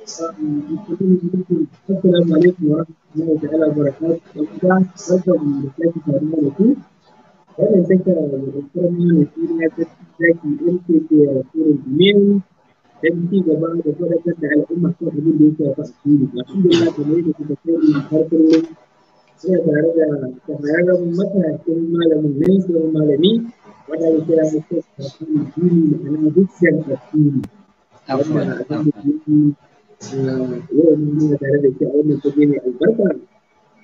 Assalamu alaikum wa rahmatullahi ta'ala wa barakatuh. Dan barka mu da sake taruwa da ku. Wannan gaba da fadakar da al'umma kan abin da tare da shahararren matashin malamin nan malami wanda ya yau mun tare da shi a wannan fage mai albarka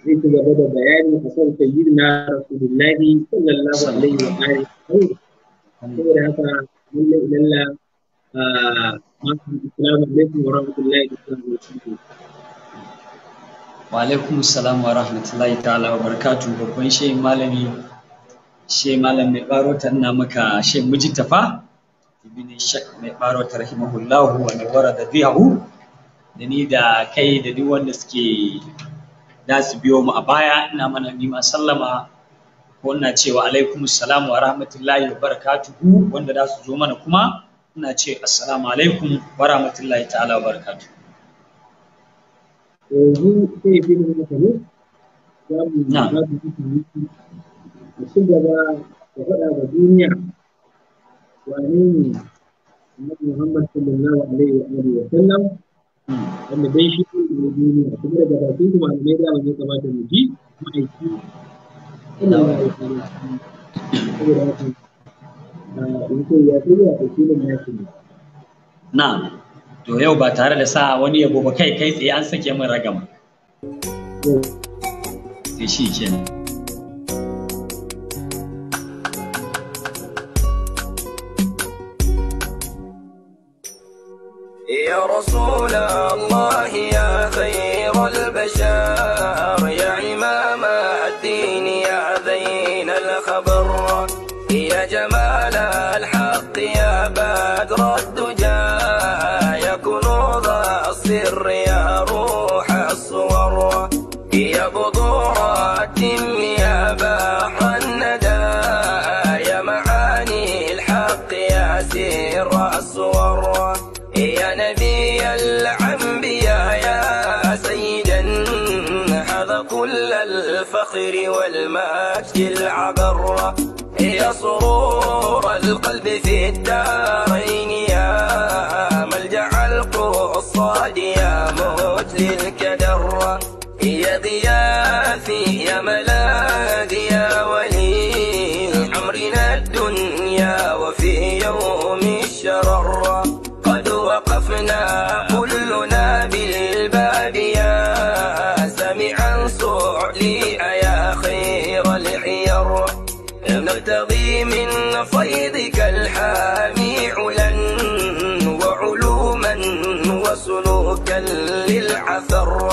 zai ci gaba da bayani a kan sayyidina rasulullahi sallallahu alaihi wa alihi saboda haka lallai lalla masu assalamu alaikum wa rahmatullahi wa alaikum salam wa rahmatullahi ta'ala wa barakatu babban shehin malami shehin malam mai baro ta ina maka shehin mijitafa ibn shak mai baro ta rahimahullahu wa nawara da biyahu da ni da kai da duk wanda suke da su biyo mu a baya ina mana nima sallama ko ina cewa alaikum salamu wa rahmatullahi wa barakatuhu wanda da su zo mana kuma ina ce assalamu alaikum wa rahmatullahi ta'ala wa barakatuhu yanzu sai fi da maka ne za mu za mu yi a ci gaba da faɗa ga duniya wane ne Muhammad sallallahu alaihi wa alihi wa sallam wanda dai shi ne duniya kuma daga bakin kuma ne da ba zai kamata mu ji ma'aiki ina ba da kuma saboda haka ah, mutum ya a da filin nasu ne Na. to yau ba tare da sa wani ya gobe kai kai tsaye an sake min ragama sai shi kenan sola Allah ya يلعب الرف يا صرور القلب في الدارين يا ملجأ القصاد يا موت للكدر يا ضيافي يا ملاذي يا ولي عمرنا الدنيا وفي يوم الشرر قد وقفنا فيضك الحامي علا وعلوما وسلوكا للعثر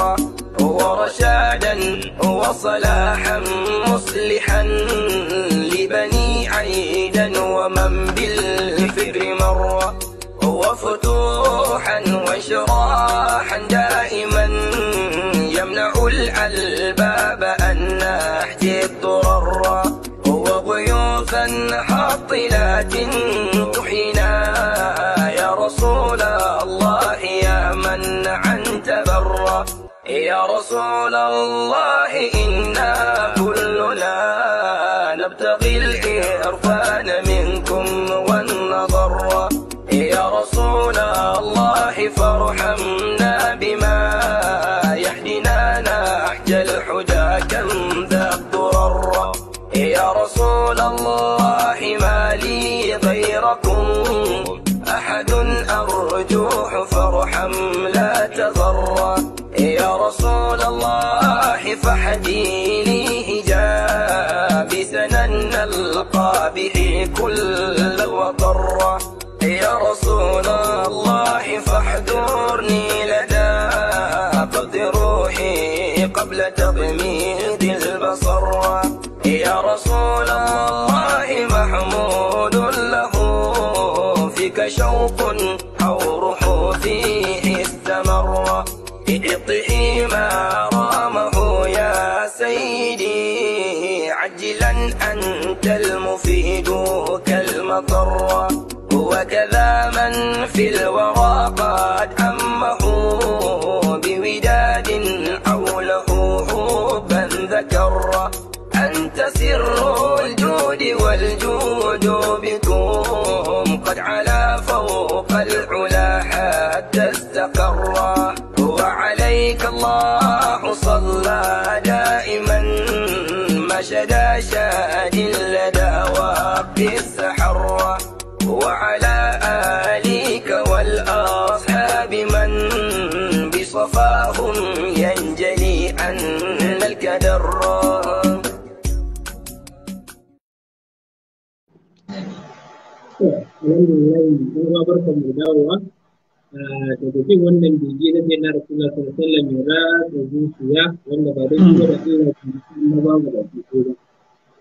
ورشادا وصلاحا مصلحا لبني عيدا ومن بالفكر مر وفتوحا وشراحا دائما يمنع الألباب أن نحجي الضرر حاطلات تحينا يا رسول الله يا من عن تبرى يا رسول الله إنا كلنا نبتغي الله فاحذرني لدى قبض روحي قبل تضميد البصر يا رسول الله محمود له فيك شوق أو روح فيه استمر اطحي ما alhamdulillah mun ga barkan mu dawowa daga jin wannan bege na sai na rasulullah sallallahu alaihi wasallam ya da zuciya wanda ba da shi ba da tsira shi na ba mu da shi ko ba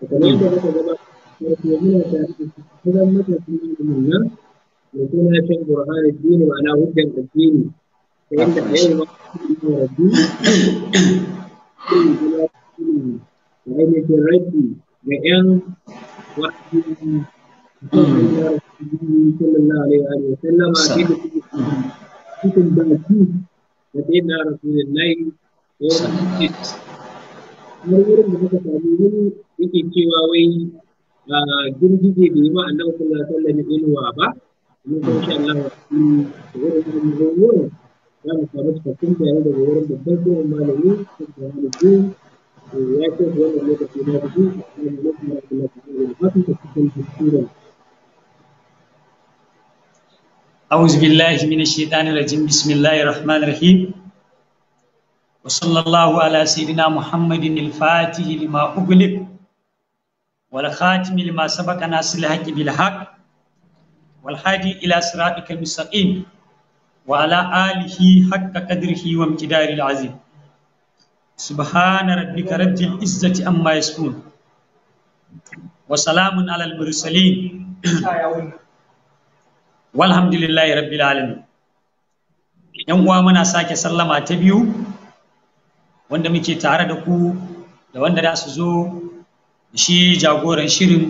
kamar yadda muka gaba wato muna da kusan matakin ilimin nan da suna shan burhani dini ma'ana hujjan addini ta yadda a yau ma su yi rabbi da ainihin rabbi ga 'yan wa'adi sallallahu alaihi wa sallam akidu yake cewa wai girgije da yi ma sallallahu alaihi wa sallam inuwa ba mu ko insha Allah mu samu daga wurin babban tsohon malami da malami ya ce wannan lokaci na cikin lokacin ba su أعوذ بالله من الشيطان الرجيم بسم الله الرحمن الرحيم وصلى الله على سيدنا محمد الفاتح لما أغلق والخاتم لما سبق ناصر الحق بالحق والهادي إلى صراطك المستقيم وعلى آله حق قدره وامتدار العظيم سبحان ربك رب العزة أما يصفون وسلام على المرسلين walhamdulillahi rabbil alamin yan uwa muna sake sallama ta biyu wanda muke tare da ku da wanda za su zo shi jagoran shirin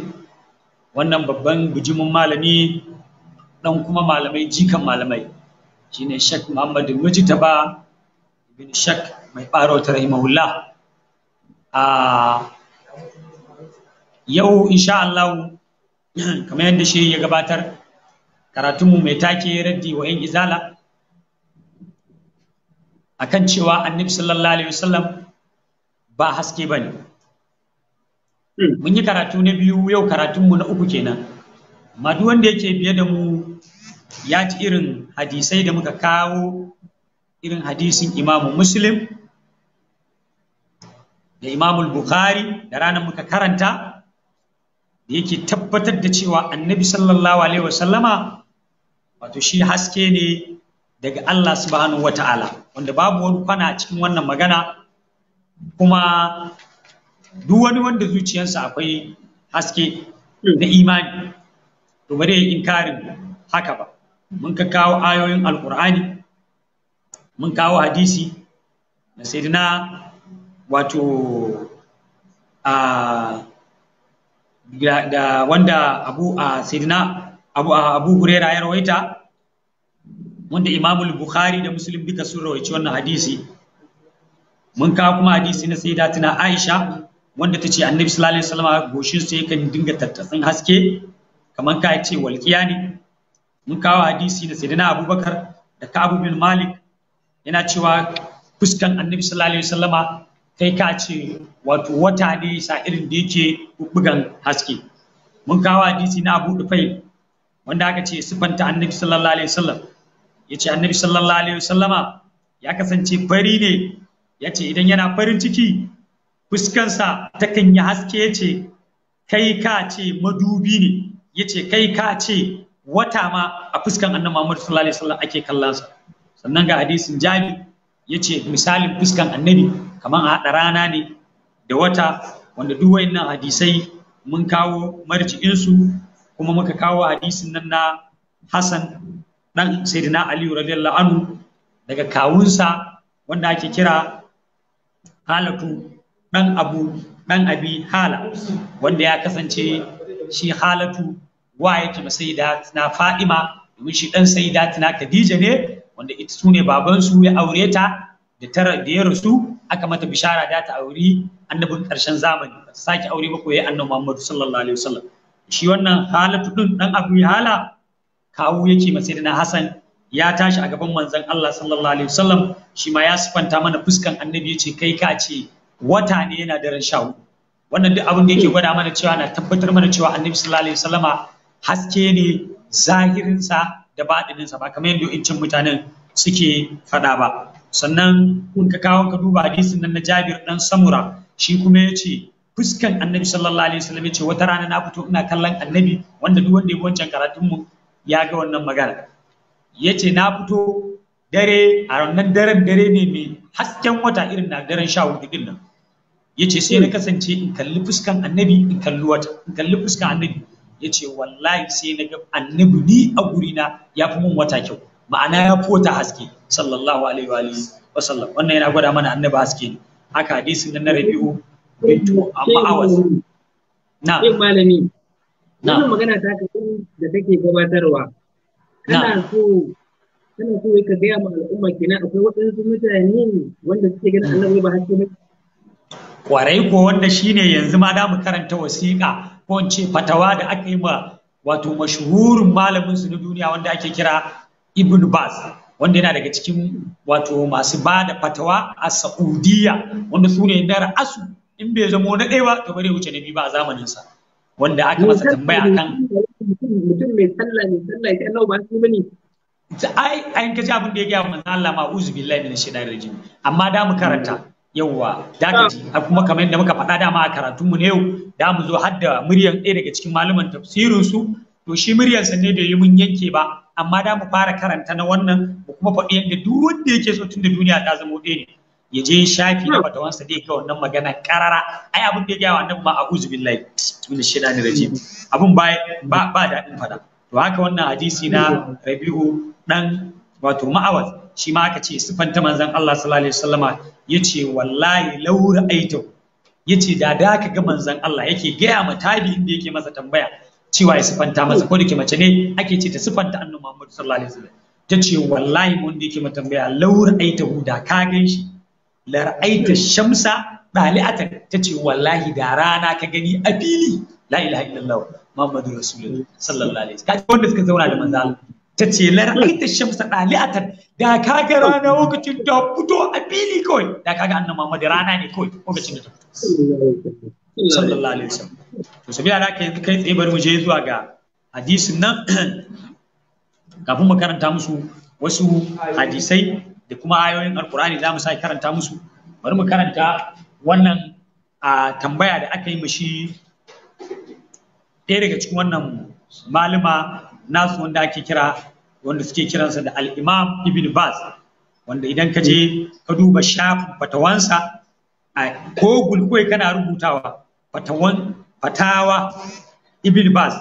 wannan babban bijimin malami dan kuma malamai jikan malamai shine Sheikh Muhammad Mujtaba bin shak mai baro ta rahimahullah a yau insha Allah kamar yadda shi ya gabatar karatunmu mai take raddi wa 'yan izala akan cewa annabi sallallahu alaihi wasallam ba haske bane hmm. mun yi karatu na biyu yau karatunmu na uku kenan amma duk wanda yake biye da mu ya ci irin hadisai da muka kawo irin hadisin imamu muslim da imamu bukhari da ranar muka karanta da yake tabbatar da cewa annabi sallallahu alaihi wasallama wato shi haske ne daga Allah subhanahu wata'ala wanda babu wani kwana a cikin wannan magana kuma duk wani wanda zuciyarsa akwai haske na imani to ba in inkarin haka ba mun ka kawo ayoyin alkur'ani mun kawo hadisi na sayyidina wato ah, a da wanda abu a ah, sayyidina abu ah, abu huraira ya rawaita wanda imamul bukhari da muslim duka sun rawaici wannan hadisi mun kawo kuma hadisi na sai aisha wanda ta ce annabi sallallahu alaihi wasallam goshin sa yakan dinga tattatsin haske kamar ka ce walqiya ne mun kawo hadisi na sayyidina abubakar da ka'ab bin malik yana cewa fuskan annabi sallallahu alaihi wasallama kai ka ce wato wata ne sa irin da yake bugan haske mun kawo hadisi na abu dufai wanda aka ce siffanta annabi sallallahu alaihi wasallam ya ce annabi sallallahu alaihi wasallama ya kasance fari ne ya ce idan yana farin ciki fuskansa takan yi haske ya ce kai ka ce madubi ne ya ce kai ka ce wata ma a fuskan annabi muhammad sallallahu alaihi wasallam ake kallonsa sannan ga hadisin jabi ya ce misalin fuskan annabi kamar a haɗa rana ne da wata wanda duk wayannan hadisai mun kawo marji'insu kuma muka kawo hadisin nan na Hassan dan Sayyidina Ali radiyallahu anhu daga kawunsa wanda ake kira Halatu dan Abu dan Abi Hala wanda ya kasance shi Halatu wa yake masaida na Fa'ima domin shi dan saida na Khadija ne wanda ita sune babansu ya aure ta da tara da ya rasu aka mata bishara da ta auri annabin ƙarshen zamani sake aure ba ko yayi annabi Muhammad sallallahu alaihi wasallam shi wannan halatu din dan abu hala kawu yake masai na hasan ya tashi a gaban manzon Allah sallallahu alaihi wasallam shi ma ya sifanta mana fuskan annabi yace kai ka ce wata ne yana da sha wannan duk abin da yake gwada mana cewa na tabbatar mana cewa annabi sallallahu alaihi wasallama haske ne zahirinsa da baɗininsa ba kamar yadda cin mutanen suke faɗa ba sannan kun ka kawo ka duba hadisin nan na Jabir dan Samura shi kuma yace fuskan annabi sallallahu alaihi wasallam yace wata rana na fito ina kallon annabi wanda duk wanda ya wancan karatun mu ya ga wannan magana yace na fito dare a wannan daren dare ne mai hasken wata irin na daren 14 din nan yace sai na kasance in kalli fuskan annabi in kalli wata in kalli fuskan annabi yace wallahi sai na ga annabi ni a gurina ya fi mun wata kyau ma'ana ya fi wata haske sallallahu alaihi wa alihi wa sallam wannan yana gwada mana annabi haske ne haka hadisin nan na rabi'u into hours na malami na magana ta ka da gabatarwa kana so kana so ka ma al'umma kenan akwai waɗansu mutane wanda suke ganin mm. annabi ba ba kwarai ko wanda shine yanzu ma da mu karanta wasiƙa ko in ce fatawa da aka yi ma wato mashuhurin malamin su na duniya wanda ake kira Ibn Baz wanda yana daga cikin wato masu ba da fatawa a Saudiya wanda su ne dara asu in bai zamo na ɗaya ba to bare wuce na biyu ba a zamanin sa wanda aka masa tambaya akan mutum mai sallah mai sallah ba su bane ai ai kaji abin da ya gaya manzo Allah ma uzu billahi minash shaitanir rajim amma da mu karanta yauwa da ka ji kuma kamar yadda muka faɗa dama a karatun mu ne yau da mu zo har da muryan ɗaya daga cikin malaman tafsirin su to shi muryan sa ne da yi mun yanke ba amma da mu fara karanta na wannan mu kuma faɗi yadda duk wanda yake so tunda duniya ta zama ɗaya ne ya je shafi na fatawansa dai ga wannan magana karara ai abin da ya gaya wannan ma a'udhu billahi min shaitani rajim abin ba ba ba daɗin fada to haka wannan hadisi na Rabi'u dan wato ma'awaz shi ma aka ce sifanta manzon Allah sallallahu alaihi wasallama yace wallahi law aito yace da da ka ga manzon Allah yake gaya ma tabi'in da yake masa tambaya cewa ya sifanta masa ko da ke mace ne ake ce ta sifanta annabi Muhammad sallallahu alaihi wasallam ta ce wallahi mun da yake mata tambaya law ai da ka gan shi lar'aita shamsa dali'atan ta ce wallahi da rana ka gani a fili la ilaha illallah muhammadu rasulullah sallallahu alaihi wasallam wanda suka zauna da manzo Allah ta ce lar'aita shamsa dali'atan da ka ga rana lokacin da fito a fili kawai da ka ga annabi muhammadu rana ne kawai lokacin da ta fito sallallahu alaihi wasallam to sabila da kai kai tsaye bari mu je zuwa ga hadisin nan kafin mu karanta musu wasu hadisai da kuma ayoyin alkur'ani za mu sa karanta musu bari mu karanta wannan a tambaya da aka yi mashi ɗaya daga cikin wannan malama nasu wanda ake kira wanda suke kiransa da al-imam ibn baz wanda idan ka je ka duba shafin fatawansa a ko kana rubutawa fatawan fatawa ibn baz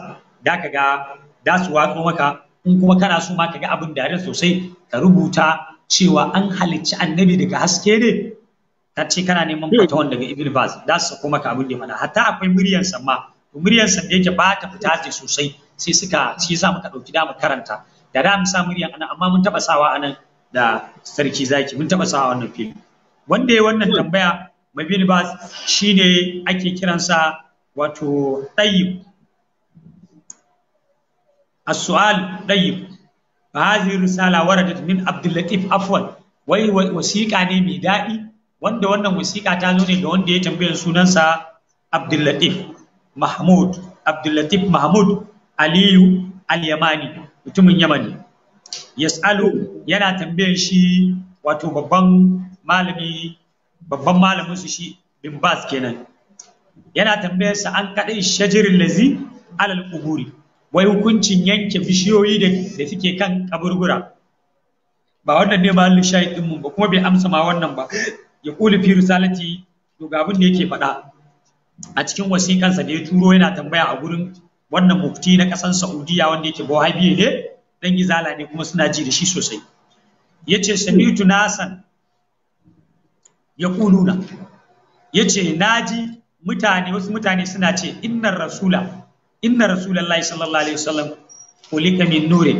da ka ga da su maka in kuma kana so ma ka ga abin da sosai ka rubuta cewa an halicci annabi daga haske ne ta ce kana neman hmm. fatawan daga ibn baz da su kuma ka abin da mana hatta akwai muryan sa ma muryan sa yake ba ta fita ce sosai sai suka shi yasa muka dauki da mu karanta da da mu sa muryan ana amma mun taba sawa anan da sarki zaki mun taba sawa wannan fili wanda ya wannan tambaya mabin baz shine ake kiransa wato tayyib as-su'al tayyib hadhihi risala waradat min Abdul afwan wai wasiƙa ne mai daɗi wanda wannan wasiƙa ta zo ne ga wanda ya tambayar sunansa Abdullatif Latif Mahmud Aliyu Al-Yamani mutumin Yamani yas'alu yana tambayar shi wato babban malamin su shi Bin Bas kenan yana tambayar sa an kaɗai shajirin lazi alal kuburi wai hukuncin yanke bishiyoyi da suke kan kaburgura ba wannan ne mahallin shahid din mun ba kuma bai amsa ma wannan ba ya kula fi risalati to ga abin da yake faɗa a cikin wasiƙansa da ya turo yana tambaya a gurin wannan mufti na ƙasar Saudiya wanda yake habiye ne dan izala ne kuma suna ji da shi sosai yace samitu nasan ya kuluna yace naji mutane wasu mutane suna ce innar rasula inna rasulullahi sallallahu alaihi wasallam kulika min nurin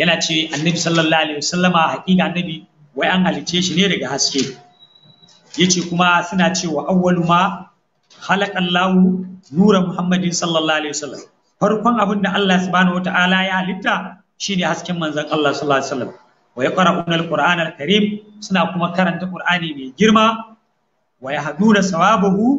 yana ce annabi sallallahu alaihi wasallama haƙiƙa annabi wai an halice shi ne daga haske yace kuma suna cewa awwalu ma khalaqallahu nura muhammadin sallallahu alaihi wasallam farkon abin da Allah subhanahu wataala ya halitta shine hasken manzon Allah sallallahu alaihi wasallam wa yaqra'una alqur'ana alkarim suna kuma karanta qur'ani mai girma wa yahduna sawabahu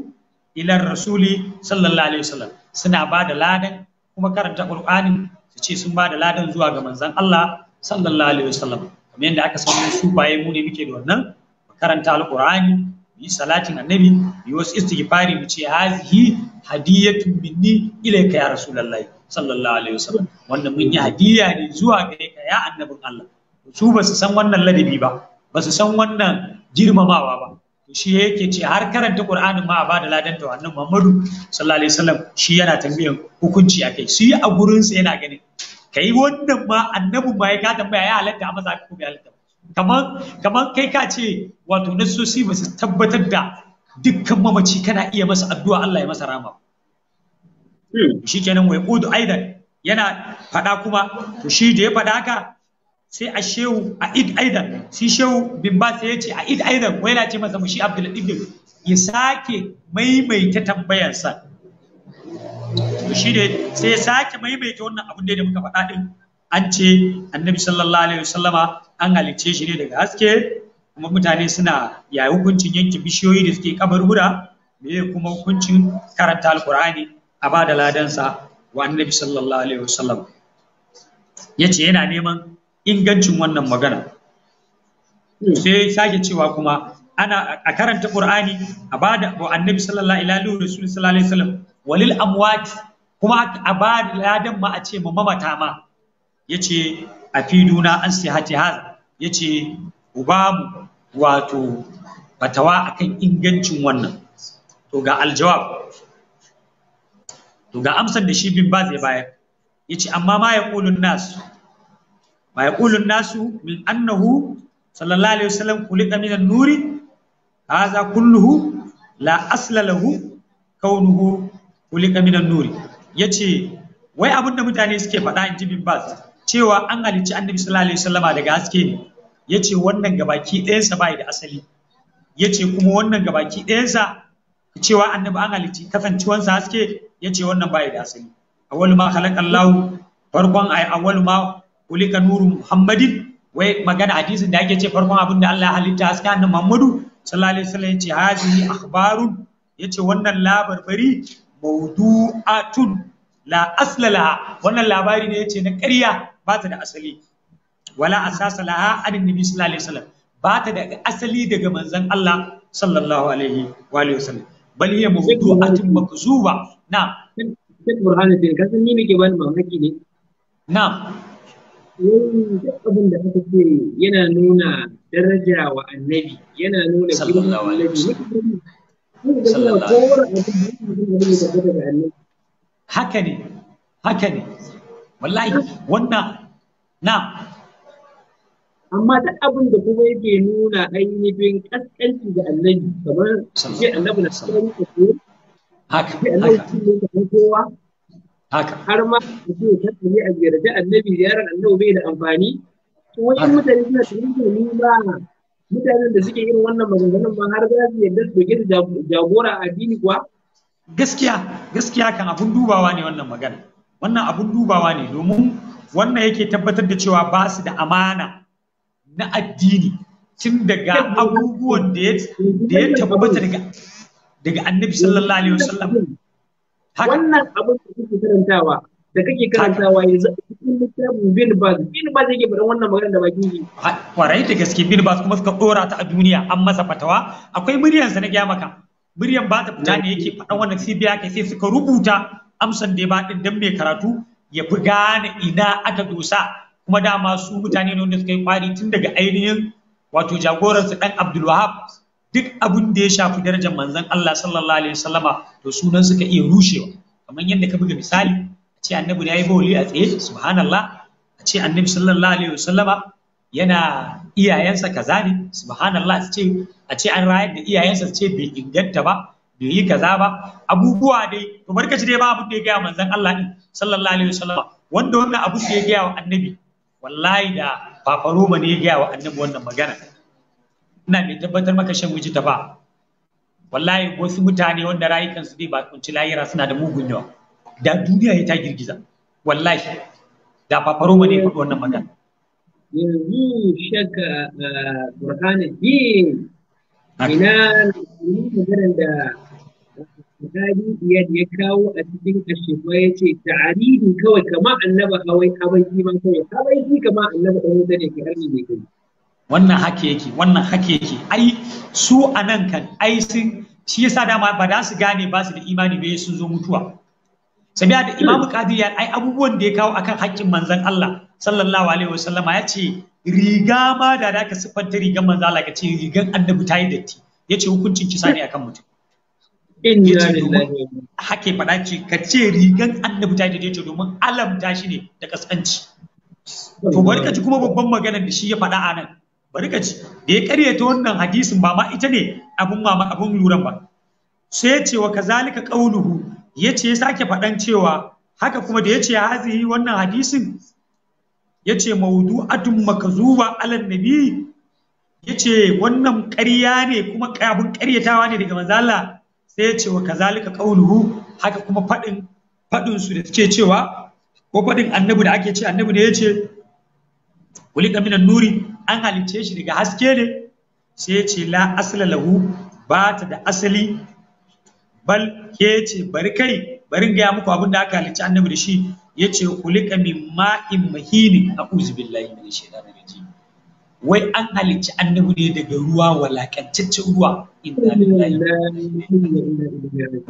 ila rasuli sallallahu alaihi wasallam suna ba da ladan kuma karanta Qur'ani su ce sun ba da ladan zuwa ga manzon Allah sallallahu alaihi wasallam kamar yadda aka san su baye mu ne muke da wannan karanta Al-Qur'ani mu yi salatin annabi mu yi wasu istighfari mu ce hazihi hadiyatun minni ilayka ya rasulullahi sallallahu alaihi wasallam wannan mun yi hadiya ne zuwa gare ka ya annabin Allah su ba su san wannan ladabi ba ba su san wannan girmamawa ba shi yake ce har karanta Qur'anin ma a bada ladan da wannan Muhammadu sallallahu alaihi wasallam shi yana tambayan hukunci akai yi a gurin sa yana ganin kai wannan ma annabi ma ya ka tambaya ya halatta a maza ko bai halatta kamar kamar kai ka ce wato nasosi ba su tabbatar da dukkan mamaci kana iya masa addu'a Allah ya masa rama hmm. Shi kenan wai udu aidan yana faɗa kuma to shi da ya faɗa haka sai a shehu a id aidan shi shehu bin ba sai ya ce a id aidan wai yana ce masa mushi abdulatif ya sake maimaita tambayarsa to shi ne sai ya sake maimaita wannan abun da muka faɗa ɗin? an ce annabi sallallahu alaihi wasallama an halicce shi ne daga haske kuma mutane suna ya hukuncin yanke bishiyoyi da suke kabarura me kuma hukuncin karanta alkur'ani a ba da ladansa wa annabi sallallahu alaihi wasallam ya ce yana neman ingancin wannan magana hmm. sai sake cewa kuma ana a karanta qur'ani a bada annabi sallallahu alaihi wa sallallahu alaihi wasallam walil amwat kuma a ba ladan ma a ce mu mamata ma yace a fiduna an haz yace ubamu wato fatawa akan ingancin wannan to ga aljawab to ga amsar da shi bin ba zai bayar yace amma ma yaqulun nas wa yaqulu nasu min annahu sallallahu alaihi wasallam khuliqa min an-nuri hadha kulluhu la asla lahu kaunuhu khuliqa min an-nuri yace wai abin da mutane suke faɗa in ji bin cewa an halicci annabi sallallahu alaihi wasallama daga haske ne yace wannan gabaki ɗayansa bai da asali yace kuma wannan gabaki ɗayansa cewa annabi an halicci kasancewansa haske yace wannan bai da asali awwal ma khalaqallahu farkon ay awwal ma ka nuru muhammadin wai magana hadisin da ake ce farkon abin da Allah halitta haska annabi muhammadu sallallahu alaihi wasallam yace hazihi akhbarun yace wannan labarbari mawdu'atun la aslala wannan labari ne yace na ƙarya ba ta da asali wala asasa laha an nabi sallallahu alaihi wasallam ba ta da asali daga manzon Allah sallallahu alaihi wa alihi wasallam bal hiya mawdu'atun makzuba na Sheikh Burhanuddin kasan bani mamaki ne na'am yin abin da aka ce yana nuna daraja wa annabi yana nuna girman annabi haka ne haka ne wallahi wannan na amma duk abin da kuma yake nuna ainihin kaskanci ga annabi kamar shi annabi na sallallahu alaihi wasallam haka haka haka har ma mutum ya ne a ziyarci annabi ziyarar annabi bai da amfani to wani mutane suna tunantar ni ba mutanen da suke irin wannan maganganun ma har za su yarda su doke jagora addini kuwa gaskiya gaskiya kan abun dubawa ne wannan magana wannan abun dubawa ne domin wannan yake tabbatar da cewa ba su da amana na addini tun daga abubuwan da ya tabbata daga daga annabi sallallahu alaihi wasallam wannan abin da kake karantawa da kake karantawa yanzu a cikin bin Bill bin Bill Baz yake faɗan wannan magana da bakin shi kwarai da gaske bin Baz kuma suka dora ta a duniya an masa fatawa akwai muryan sa na gaya maka muryan ba ta fita ne yake faɗan wannan sai biya sai suka rubuta amsan da ba din dan mai karatu ya fi gane ina aka dosa kuma dama su mutane ne wanda suka yi kwari tun daga ainihin wato jagoransu dan Abdulwahab. duk abin da ya shafi darajar manzon Allah sallallahu alaihi wasallama to sunan suka iya rushewa kamar yadda ka buga misali a ce annabi ya yi bauli a tsaye subhanallah a ce annabi sallallahu alaihi wasallama yana iyayensa kaza ne subhanallah a ce a ce an rayar da iyayensa ce bai inganta ba bai yi kaza ba abubuwa dai to barkaci dai ba abin da ya gaya manzon Allah din sallallahu alaihi wasallama wanda wannan abu da ya gaya wa annabi wallahi da fafaroma ne ya gaya wa annabi wannan magana ina mai tabbatar maka shan wuji ta ba wallahi wasu mutane wanda rayukansu bai ba kunci layira suna da mugun yawa da duniya ya ta girgiza wallahi da fafaro ne faɗi wannan magana yanzu shakka burhanuddin ina magana da Bukhari ya ya kawo a cikin ko ya ce ta'aridi kawai kama annaba hawai kawai ma kawai kawai kama annaba ɗan wuta ne ke harni mai gani wannan haka yake wannan haka yake ai su a nan kan ai sun shi yasa dama ba da su gane ba su da imani bai sun zo mutuwa sabiya da imamu qadir ai abubuwan da ya kawo akan haƙƙin manzon Allah sallallahu alaihi wasallam ya ce riga ma da da ka siffanta rigar manzo Allah ka ce rigan annabi ta yi datti ce hukuncin kisa ne akan mutum hake faɗa ce ka ce rigan annabi ta yi datti domin alamta shi ne da kaskanci to bari ka ji kuma babban maganar da shi ya faɗa a nan bari ka ci da ya karyata wannan hadisin ba ma ita ne abun mama abun luran ba sai ya ce wa kazalika qauluhu yace ya sake faɗan cewa haka kuma da yace hazihi wannan hadisin yace mawdu'atun makzuba alan nabi yace wannan ƙarya ne kuma abun ƙaryatawa ne daga manzo Allah sai ya ce wa kazalika qauluhu haka kuma fadin fadin su da suke cewa ko faɗin annabi da ake ce annabi ne yace kulika minan nuri an halicce shi daga haske ne sai ya ce la asla lahu ba ta da asali bal ke ce bari kai bari gaya muku abin da aka halicci annabi da shi ya ce kulika min ma'in mahini a billahi min shaitan raji wai an halicci annabi ne daga ruwa walakantaccen ruwa inna lillahi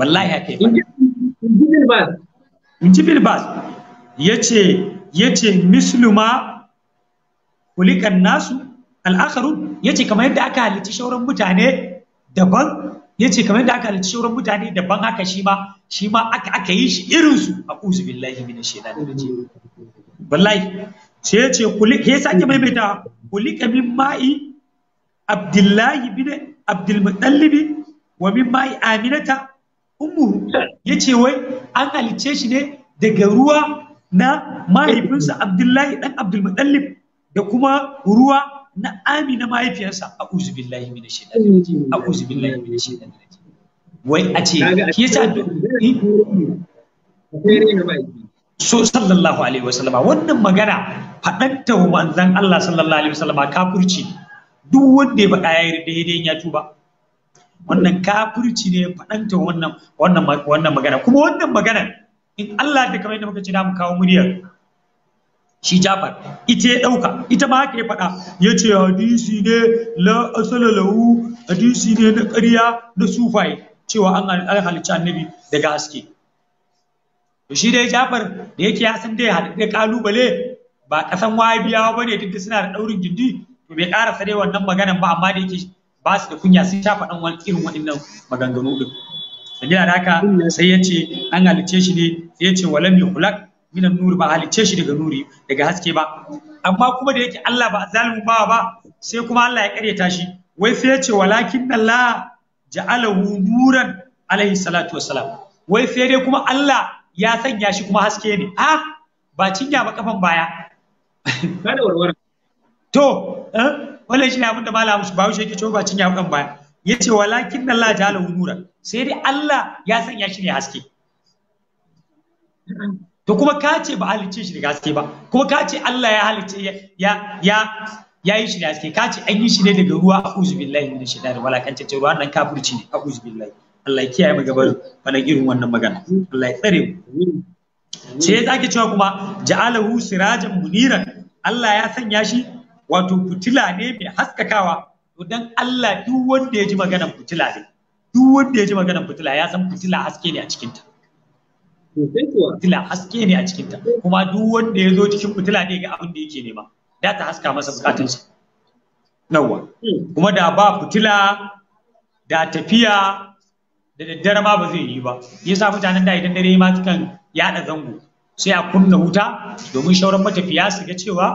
wallahi haka bilbas in ji bilbas ya ce ya ce misluma kulikan nasu al'akharu ce kamar yadda aka halicci shauran mutane daban ya ce kamar yadda aka halicci shauran mutane daban haka shi ma shi ma aka aka yi shi irin su a'udhu billahi minash shaitani rajim wallahi sai ce kulik ya sake maimaita kulika min ma'i abdullahi bin abdul mutallibi wa min ma'i aminata ummu ce wai an halicce shi ne daga ruwa na mahaifinsa abdullahi dan abdul mutallib da kuma ruwa na amina mahaifiyarsa a uzu billahi mina shaitan a uzu billahi mina shaitan wai a ce ke sa so sallallahu alaihi wasallam wannan magana faɗanta manzon Allah sallallahu alaihi wasallam kafurci duk wanda ya faɗa ya daidai ya tuba wannan kafurci ne faɗanta wannan wannan wannan magana kuma wannan magana in Allah da kamar yadda muka ce da mu kawo muryar shi Jafar ita ya ɗauka ita ma haka ya faɗa ya ce hadisi ne la asala lahu hadisi ne na ƙarya na sufaye cewa an halicci annabi daga haske to shi dai Jafar da yake ya san dai haɗe kalubale ba ƙasan ba ne duk da suna da ɗaurin gindi to bai ƙara dai wannan maganan ba amma da yake ba su da kunya sun sha faɗan wani irin waɗannan maganganu din sabila da haka sai ya ce an halicce shi ne sai ya ce walam yuhlak minan nuri ba halicce shi daga nuri daga haske ba amma kuma da yake Allah ba zalimu ba ba sai kuma Allah ya kareta shi wai sai ya ce walakin Allah ja'alahu nuran alaihi salatu wassalam wai sai dai kuma Allah ya sanya shi kuma haske ne a ah, ba cinya ba kafan baya kada warwara to eh, wannan shi abin da malamu shi bawo shi yake cewa ba cinya ba kafan baya yace walakin Allah ja'alahu nuran sai dai Allah ya sanya shi ne haske to kuma ka ce ba halicce shi daga haske ba kuma ka ce Allah ya halicce ya ya ya yi shi da haske ka ce an yi shi ne daga ruwa a'udhu billahi wala kan walakantacce ruwa nan kafirci ne a'udhu billahi Allah ya kiyaye mu gaban fadan irin wannan magana Allah ya tsare mu sai ya sake cewa kuma ja'alahu sirajan muniran Allah ya sanya shi wato fitila ne mai haskakawa to dan Allah duk wanda ya ji maganar fitila ne duk wanda ya ji maganar fitila ya san fitila haske ne a cikinta fitila haske ne a cikinta kuma duk wanda ya zo cikin fitila ne ga abin da yake nema da ta haska masa bukatunsa nawa kuma da ba fitila da tafiya da daddare ma ba zai yi ba yasa mutanen da idan dare ma sukan yada zango sai a kunna wuta domin shauran matafiya su ga cewa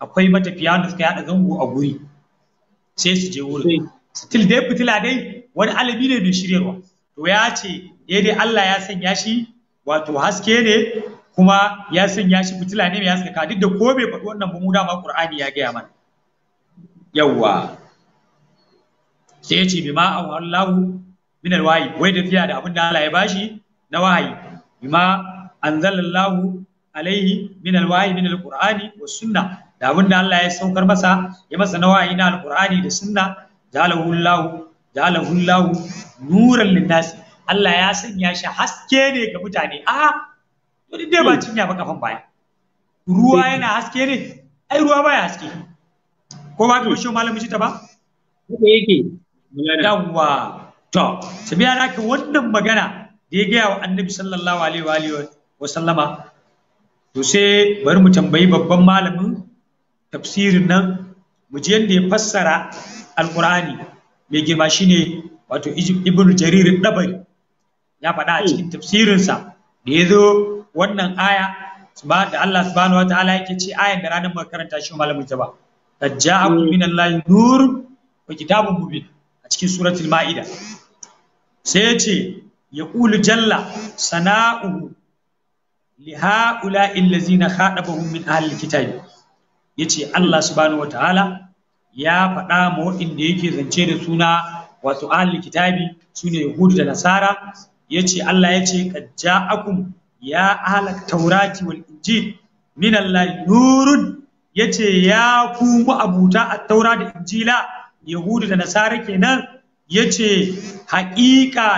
akwai matafiya da suka yada zango a guri sai su je wurin still dai fitila dai wani alabi ne mai shiryarwa to ya ce eh dai Allah ya sanya shi wato haske ne kuma ya sanya shi fitila ne mai haskaka duk da ko bai faɗi wannan ba mu dama Qur'ani ya gaya mana yawwa sai ya ce bima Allahu min alwahi wai tafiya da abin da Allah ya bashi na wahayi bima anzalallahu alaihi min alwahi min alqur'ani wa sunna da abin da Allah ya saukar masa ya masa na wahayi na alqur'ani da sunna jalahu Allah jalahu Allah nuran Linnasi. Allah ya sanya shi haske ne ga mutane a to dai ba cinya ba kafan baya ruwa yana haske ne ai ruwa baya haske ko ba ka shi malamin shi ta ba Ko yake yawwa to sabi ya ka wannan magana da ya gaya wa annabi sallallahu alaihi wa alihi wa sallama to sai bari mu tambayi babban malamin tafsirin nan mu ji yadda ya fassara alqur'ani mai girma shine wato ibnu jarir dabari ya faɗa a hmm. cikin tafsirinsa da ya zo wannan aya da Allah subhanahu wa ta'ala yake ce ayan da ranar makaranta shi malamu ta ba tajja'u hmm. min allahi nur wa kitabun mubin a cikin suratul ma'ida sai ya ce ya jalla sana'u li ha'ula allazina khadabahum min ahli kitabi yace Allah subhanahu wa ta'ala ya faɗa ma waɗanda yake zance da suna wato ahli kitabi sune yahudu da nasara yace Allah yace qad ja'akum ya ahla taurati wal injil min Allah nurun yace ya ku abuta at-taura da injila yahudu da nasara kenan yace haqiqa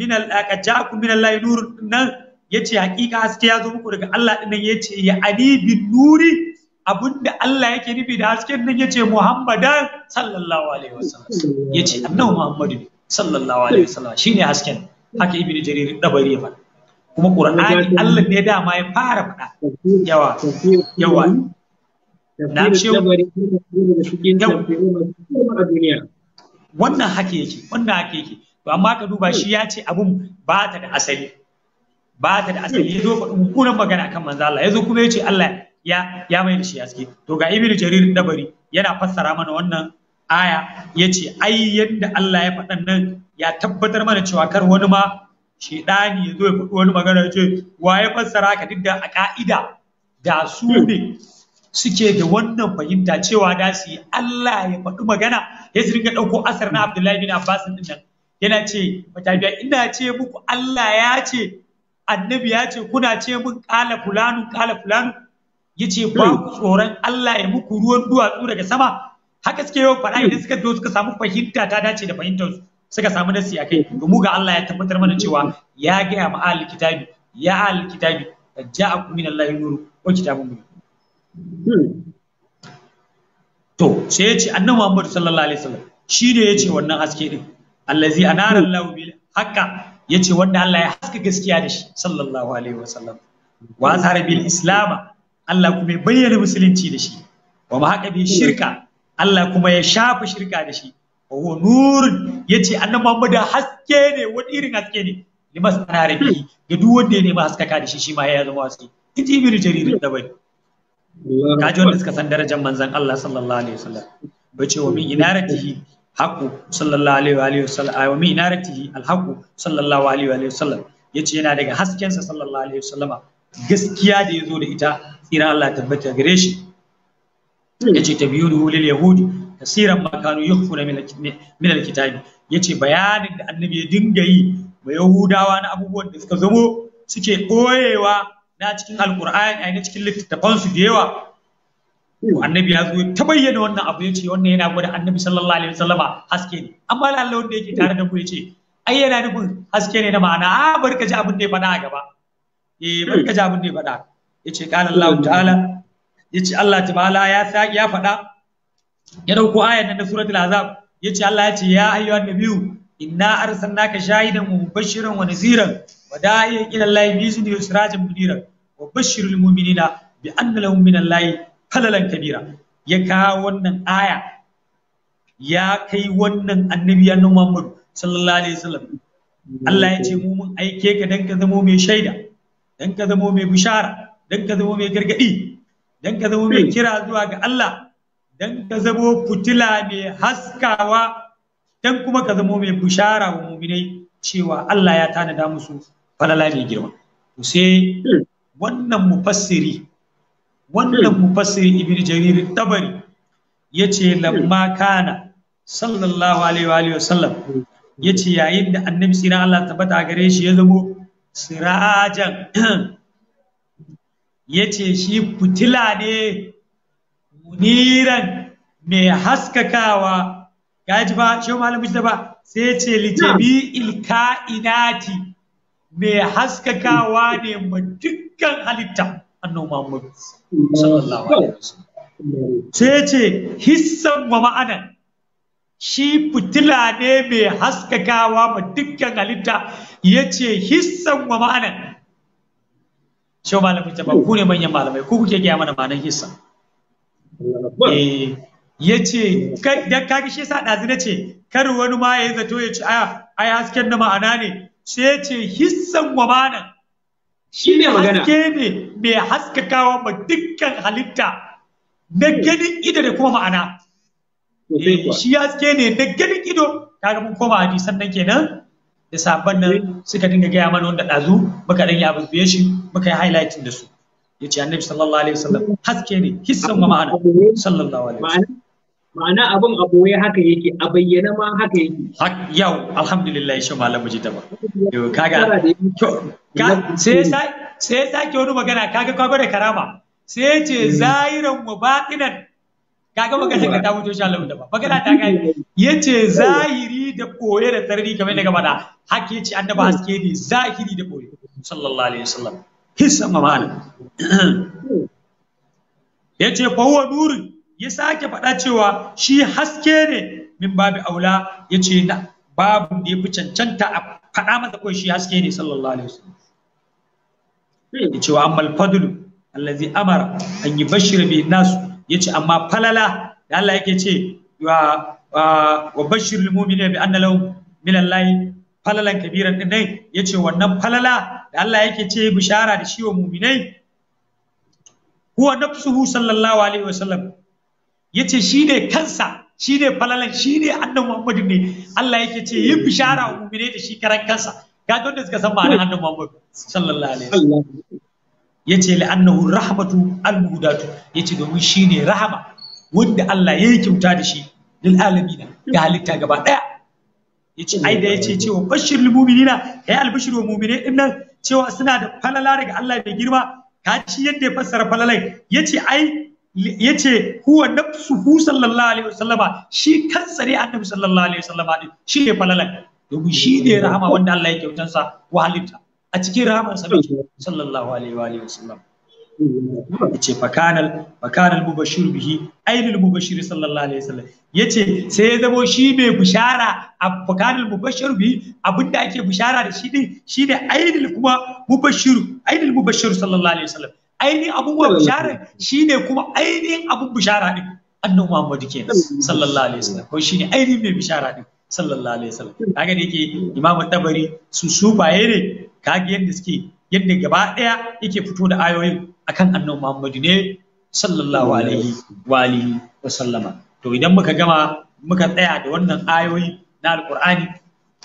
min al qad ja'akum min Allah nurun nan yace haqiqa haske ya zo muku daga Allah din nan yace ya ali bin nuri abinda Allah yake nufi da hasken nan yace Muhammadan sallallahu alaihi wasallam yace annabi Muhammadu sallallahu alaihi wasallam shine hasken haka ibnu jarir dabari ya faɗa kuma qur'ani Allah ne dama ya fara faɗa yawa yawa na ce wannan haka yake wannan haka yake to amma ka duba shi ya ce abun ba ta da asali ba ta da asali ya zo faɗin kunan magana kan manzo Allah ya zo kuma ya ce Allah ya ya mai da shi aski to ga ibnu jarir dabari yana fassara mana wannan aya ya ce ai yadda Allah ya faɗan nan ya tabbatar mana cewa kar wani ma shaidani ya zo ya faɗi wani magana ya ce wa ya fassara ka duk da a ka'ida da su ne suke da wannan fahimta cewa da su Allah ya faɗi magana ya su ringa ɗauko asar na Abdullahi bin Abbas din nan yana ce matabiya ina ce muku Allah ya ce annabi ya ce kuna ce mun kala fulanu kala fulanu yace ba ku tsoron Allah ya muku ruwan duwatsu daga sama haka suke yau faɗa idan suka zo suka samu fahimta ta dace da fahimtar su suka samu nasi a kai to mu ga Allah ya tabbatar mana cewa ya gaya ya ma'al kitabi ya al kitabi ja'akum min Allah nuru wa kitabun mubin hmm. to sai ya ce annabi Muhammad sallallahu alaihi wasallam shi ne ya ce wannan haske din allazi anara hmm. Allah bil haqqa ya ce wanda Allah ya haska gaskiya da shi sallallahu alaihi wasallam wa azhara bil islam Allah kuma bayyana musulunci da shi wa haka haqa bi shirka Allah kuma ya shafa shirka da shi wa nur nurun yace annabi Muhammad haske ne wani irin haske ne ni ba limas tarihi ga duk wanda ya nema haskaka da shi shi ma ya zama haske inji ibnu jarir da bai ka ji wanda suka san darajar manzon Allah sallallahu alaihi wasallam bace wa min inaratihi haqu sallallahu alaihi wa alihi wasallam wa min inaratihi alhaqu sallallahu alaihi wa alihi wasallam yace yana daga haskensa sallallahu alaihi wasallama gaskiya da yazo da ita tsira Allah tabbata gare shi yace tabyunuhu lil yahudi kasiran ma kanu yukhfuna min al kitabi yace bayanin da annabi ya dinga yi ma yahudawa na abubuwan da suka zamo suke koyewa na cikin alqur'ani ai na cikin littattafan su da yawa annabi ya zo ta bayyana wannan abu yace wannan yana gwada annabi sallallahu alaihi wasallama haske ne amma Allah wanda yake tare da mu yace ai yana nufin haske ne na ma'ana a ah, barka ji abin da ya faɗa a gaba eh barka ji abin da ya faɗa yace qala Allah ta'ala yace Allah ta'ala ya ya faɗa ya ɗauko ayan nan na suratul Ya ce Allah yace ya ayyuhan nabiyyu inna arsalnaka shahidan wa mubashiran wa naziran wa da'iyan ila Allah bi izni wa sirajan munira wa bashirul mu'minina bi anna lahum min Allah falalan kabira ya kawo wannan aya ya kai wannan annabi annabi Muhammad sallallahu alaihi wasallam Allah ya ce mu mun aike ka dan ka zamo mai shaida dan ka zamo mai bishara dan ka zamo mai gargadi dan ka zama mai kira zuwa ga Allah dan ka zama fitila mai haskawa dan kuma ka zama mai bushara wa muminai cewa Allah ya tanada musu falala mai girma to sai wannan mufassiri wannan mufassiri ibnu jarir tabari yace lamma kana sallallahu alaihi wa sallam yace yayin da annabi sirra Allah tabbata gare shi ya zamo sirajan ya ce shi fitila ne muniran mai haskakawa ya ji ba shi malam ba sai ce ilka-inati. mai haskakawa ne ma dukkan halitta annabi Muhammad sallallahu alaihi wasallam sai ce hissan wa ma'anan shi fitila ne mai haskakawa ma dukkan halitta ya ce hissan wa ma'anan Shau malamin jama'a ku ne manyan malamai ku kuke gaya mana ma'anar hissa. Eh, ya ce, da kaki shi sa ɗazi na ce, kar wani ma ya zato ya ce, aya, ai hasken da ma'ana ne, sai ya ce hissan wa ma'anan. Shi ne magana. Haske ne mai haskakawa ma dukkan halitta na ganin ido da kuma ma'ana. Eh, shi haske ne na ganin ido, ta mun koma hadisan nan kenan. da sabon nan suka dinga gaya mana wanda ɗazu muka ɗan yi biye shi muka yi highlighting da su ya ce annabi sallallahu alaihi wasallam haske ne hissan wa ma'ana sallallahu alaihi wasallam ma'ana abin abu boye haka yake a bayyana ma haka yake yau alhamdulillah shi malam mu ji ta ba kaga sai sai sai ke wani magana kaga kwago da karama sai ce mm. zairan wa kaga baka ta fito sha Allah ba baka ta kai yace zahiri da koye da sarari kamar daga bada haka yace annabi haske ne zahiri da koye sallallahu alaihi wasallam hissa mamana yace fa huwa Nuri ya sake faɗa cewa shi haske ne min babu aula yace na babu da ya fi cancanta a faɗa masa kawai shi haske ne sallallahu alaihi wasallam ya ce wa ammal fadlu allazi amara an yi bashir bi nasu yace amma falala da Allah yake ce wa wa bashirul mu'minina bi anna lahum min allahi falalan kabiran din Ya yace wannan falala da Allah yake ce bishara da shi wa mu'minai huwa nafsuhu sallallahu alaihi wasallam yace shi ne kansa shi ne falalan shi ne annabi Muhammadu ne Allah yake ce yi bishara wa mu'minai da shi karan kansa ga da suka san ma'anar annabi Muhammadu sallallahu alaihi wasallam yace la'annahu rahmatu al-mudatu yace domin shine rahama wanda Allah ya yi kyauta da shi lil alamin ga halitta gaba daya yace ai da yace cewa bashir lil mu'minina kai albashir wa mu'mine din nan cewa suna da falala daga Allah mai girma ka ci yadda ya fassara falalai yace ai yace huwa hu sallallahu alaihi wasallama shi kansa ne annabi sallallahu alaihi wasallama din shi ne falalan domin shi ne rahama wanda Allah ya kyautansa wa halitta a cikin rahamar sa sallallahu alaihi wa alihi wasallam yace fakanal fakanal mubashir bihi ainul mubashir sallallahu alaihi wasallam yace sai ya zabo shi mai bushara a fakanal mubashir bihi abinda ake bushara da shi din shi da ainul kuma mubashir ainul mubashir sallallahu alaihi wasallam ainihin abubuwan bushara shine kuma ainihin abu bushara din annabi Muhammadu kenan sallallahu alaihi wasallam ko shine ainihin mai bushara din sallallahu alaihi wasallam kaga da yake imamu tabari su baye ne kaga yadda suke yadda gaba daya yake fito da ayoyin akan annabi Muhammadu ne sallallahu alaihi wa alihi wa sallama to idan muka gama muka tsaya da wannan ayoyi na alqur'ani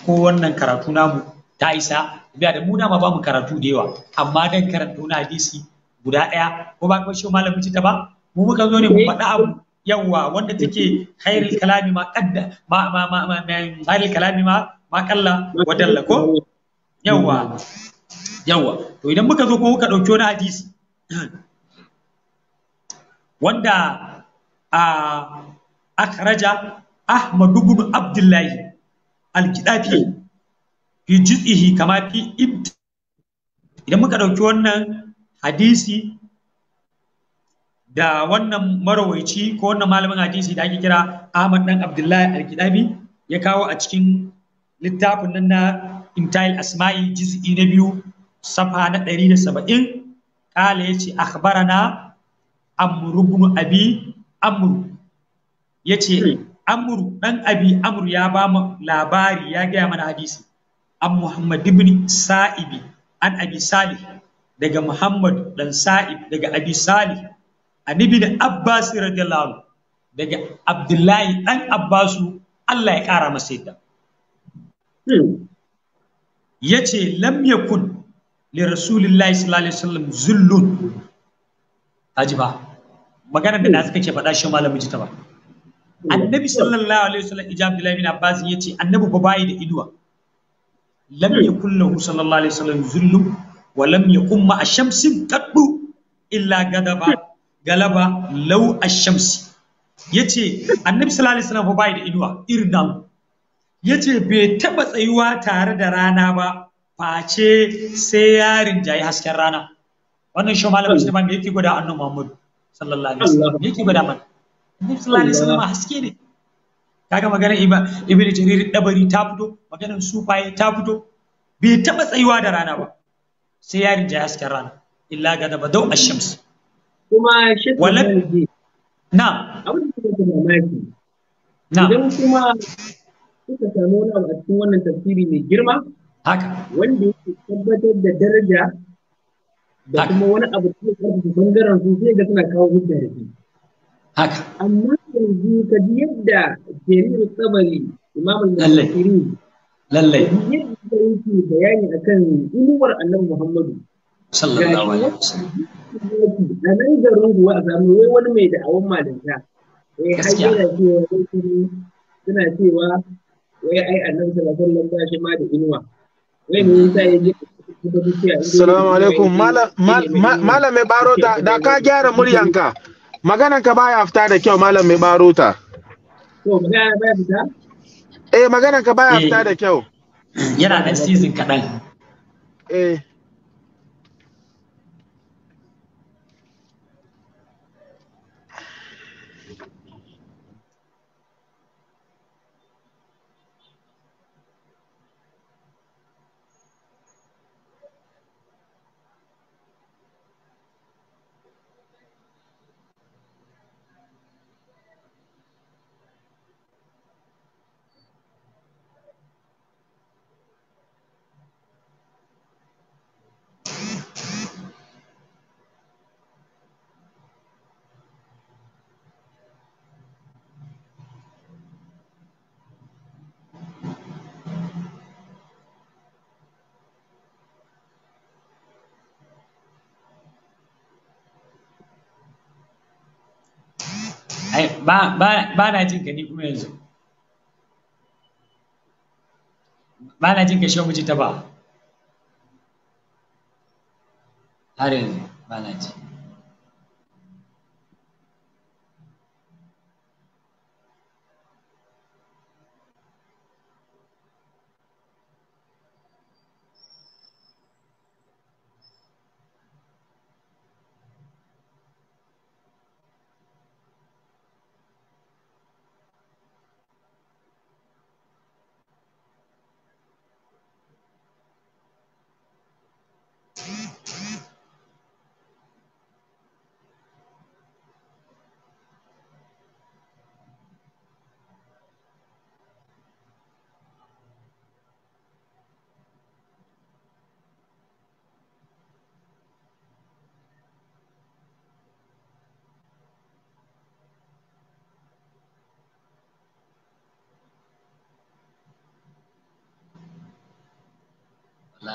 ko wannan karatu namu ta isa biya da mu dama ba mu karatu da yawa amma dan karatu na hadisi guda daya ko ba ko shi malamin ta ba mu muka zo ne mu faɗa abu yawwa wanda take khairul kalami ma kadda ma ma ma ma khairul kalami ma ma kalla wa dalla ko yawwa yawwa to idan muka zo ko muka dauki wani hadisi wanda a akhraja ahmad ibn abdullahi al-kidafi fi juz'ihi kama fi ibt idan muka dauki wannan hadisi da wannan marawaici ko wannan malamin hadisi da ake kira Ahmad dan Abdullahi Al-Kidabi ya kawo a cikin littafin nan na Intail Asma'i juz'i na biyu safa na 170 kala yace akhbarana Amr ibn Abi Amr yace hmm. Amr dan Abi Amr ya ba mu labari ya gaya mana hadisi an Muhammad ibn Sa'ibi an Abi Salih daga Muhammad dan Sa'ib daga Abi Salih Anibin abbas radiyallahu anhu daga abdullahi dan abbasu Allah ya kara masa yadda hmm. yace lam yakun li Rasulullahi sallallahu alaihi wasallam zullun haji ba magana da nasu kake faɗa shi malamin ji ta ba hmm. annabi sallallahu alaihi wasallam ijab abdullahi bin abbas yace annabi ba bayi da inuwa lam hmm. yakun lahu sallallahu alaihi wasallam zullun wa lam yakum ma shamsin qaddu illa gadaba galaba lau ashamsi ce annabi sallallahu alaihi wasallam bai da inuwa irin Ya ce bai taba tsayuwa tare da rana ba face sai yarin jayi hasken rana wannan shi malamin shi ne yake gwada annabi Muhammad sallallahu alaihi wasallam yake gwada mana annabi sallallahu alaihi wasallam haske ne kaga maganar ibn jarir dabari ta fito maganar sufaye ta fito bai taba tsayuwa da rana ba sai yarin jayi hasken rana illa gadaba dau ash-shams kuma shi na abin da kuma mamaki idan kuma suka samu wani abu a cikin wannan tafsiri mai girma haka wanda yake tabbatar da daraja da kuma wani abu da ya karfafa bangaren su sai ga suna kawo hujja da shi haka amma yanzu ka ji yadda jarir tsabari imamul mufassirin lallai yadda yake bayani akan inuwar annabi muhammadu sallallahu alaihi wasallam a nan garin kuwa a samu wai wani mai da'awan malinta wai har yana cewa suna cewa wai ai annabi sallallahu alaihi wasallam ba shi ma da inuwa wai me yasa yaje Assalamu alaikum malam mai baro da ka gyara muryanka maganan baya fita da kyau malam mai baro ta to baya fita eh maganan ka baya eh. fita da kyau yana dan season kadan eh ba na jin ka ni kuma yanzu ba na jin ka shehu ji ta ba har yanzu ba na ji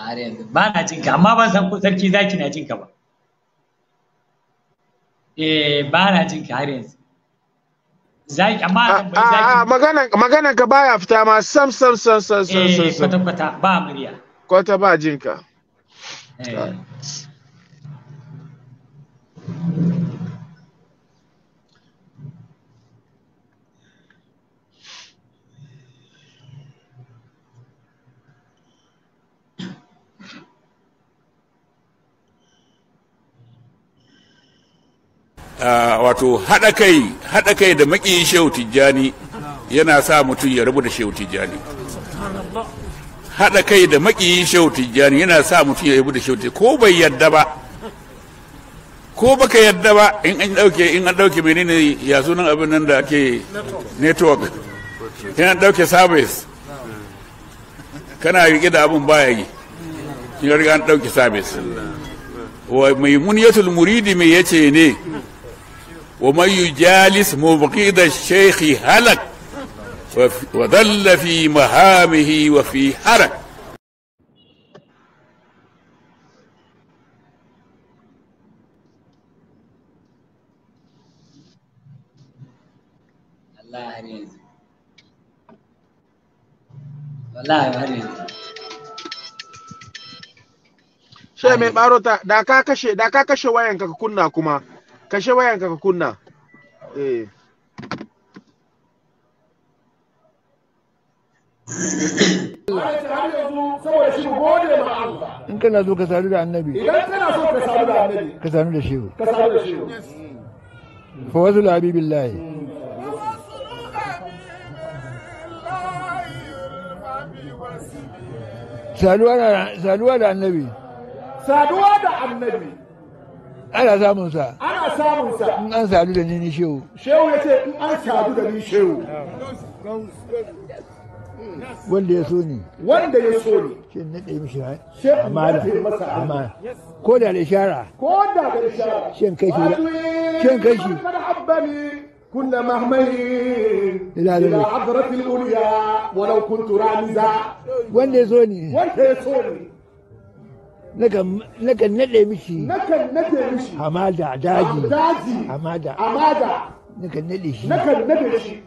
har yanzu ba na jin ka amma ban san ko sarki zaki na jin ka ba eh ba na jin ka har yanzu zaki amma magana magana ka baya fita ma sam sam sam sam sam eh kwata kwata ba murya kwata ba jin ka eh Ah, wato haɗa kai haɗa kai da maƙiyin shehu tijjani yana sa mutum ya rabu da shehu tijjani haɗa kai da maƙiyin shehu tijjani yana sa mutum ya rabu da shehu tijjani ko bai yadda ba ko baka yadda ba in an ɗauke in an ɗauke menene ya sunan abin nan da ake network in an ɗauke service kana riƙe da abin baya yi in riga an ɗauke service wa maimuniyatul muridi me yace ne ومن يجالس مبغض الشيخ هلك وذل في مهامه وفي حرك والله har yanzu wallahi har yanzu she mai barota da ka kashe da ka kashe wayanka ka kunna kuma kashe wayan ka kunna eh in kana so ka sadu da annabi idan kana so ka sadu da annabi ka sadu da shehu ka sadu da shehu fa wasu labibillahi saduwa da annabi saduwa da annabi ana samun sa ana samun sa in an sadu da ni ni shehu shehu ya ce in an sadu da ni shehu wanda ya so ni wanda ya so ni shi na ɗaya mishi amana amana ko da da shara ko da da shara shin kai shi shin kai shi كنا مهملين إلى إلى حضرة الأولياء ولو كنت رامزا وين يزوني وين يزوني nakan nade mishi nakan nade mishi hamada daji daji hamada hamada nakan nade shi nakan nade shi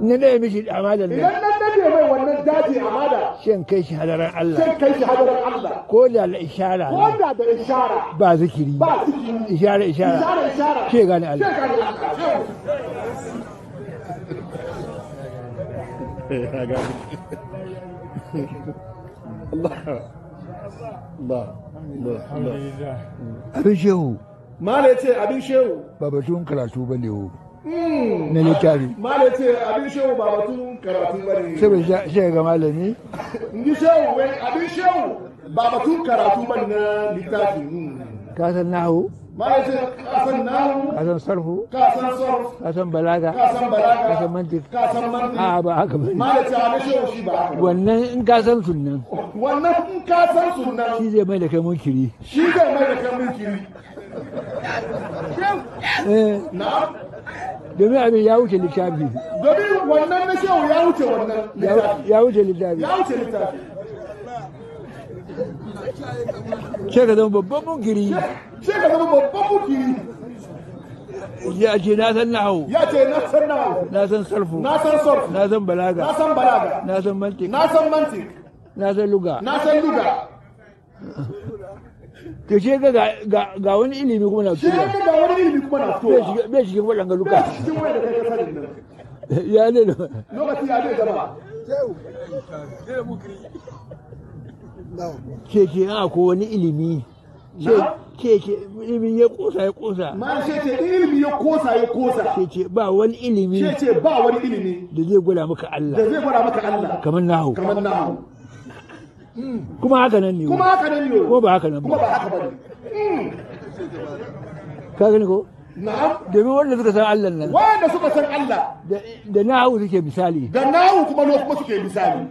nade mishi hamada ne idan nan nade mai wannan daji hamada shin kai shi hadaran Allah shin kai shi hadaran Allah ko da la ishara ko da da ishara ba zikiri ba zikiri ishara ishara ishara ishara she gane Allah she gane Allah Thank you. abin shehu mala ya ce abin shehu ba karatu ba ne wo na littafi mala ya ce abin shehu ba batun karatu ba ne saboda hmm. shi ga malami ni shehu abin shehu ba batun karatu ba na littafi hmm. ka san nahu kasan sarfu kasan kasan balaga kasan mantik a ba haka ba wannan in kasan sunan wannan in kasan sunan shi zai mai da kai munkiri shi zai mai da kai munkiri eh. domin abin ya wuce littafi domin wannan na shehu ya wuce wannan ya wuce littafi ya wuce littafi ke ka zama babban munkiri sai ka zama babban mukiri ya ce na san ya ce na san na san sarfu na san sarfu na san balaga na san balaga na san mantik na san mantik na san luga na san luga ga ga wani ilimi kuma na fito ga wani ilimi kuma shi kuma langa ya ya ne gaba ke ko wani ilimi ce ce ilimi ya kosa ya kosa ma ce ce ilimi ya kosa ya kosa ce ce ba wani ilimi ce ce ba wani ilimi da zai gwada maka Allah da zai gwada maka Allah kamar nahu kamar nahu hmm. kuma haka nan ne kuma haka nan ne ko ba haka nan ba kuma ba haka ba ne hmm. ka gani ko Na'am. Domin wanda suka san Allah nan. Wanda suka san Allah. Da nahu suke misali. Da nahu kuma kuma suke misali.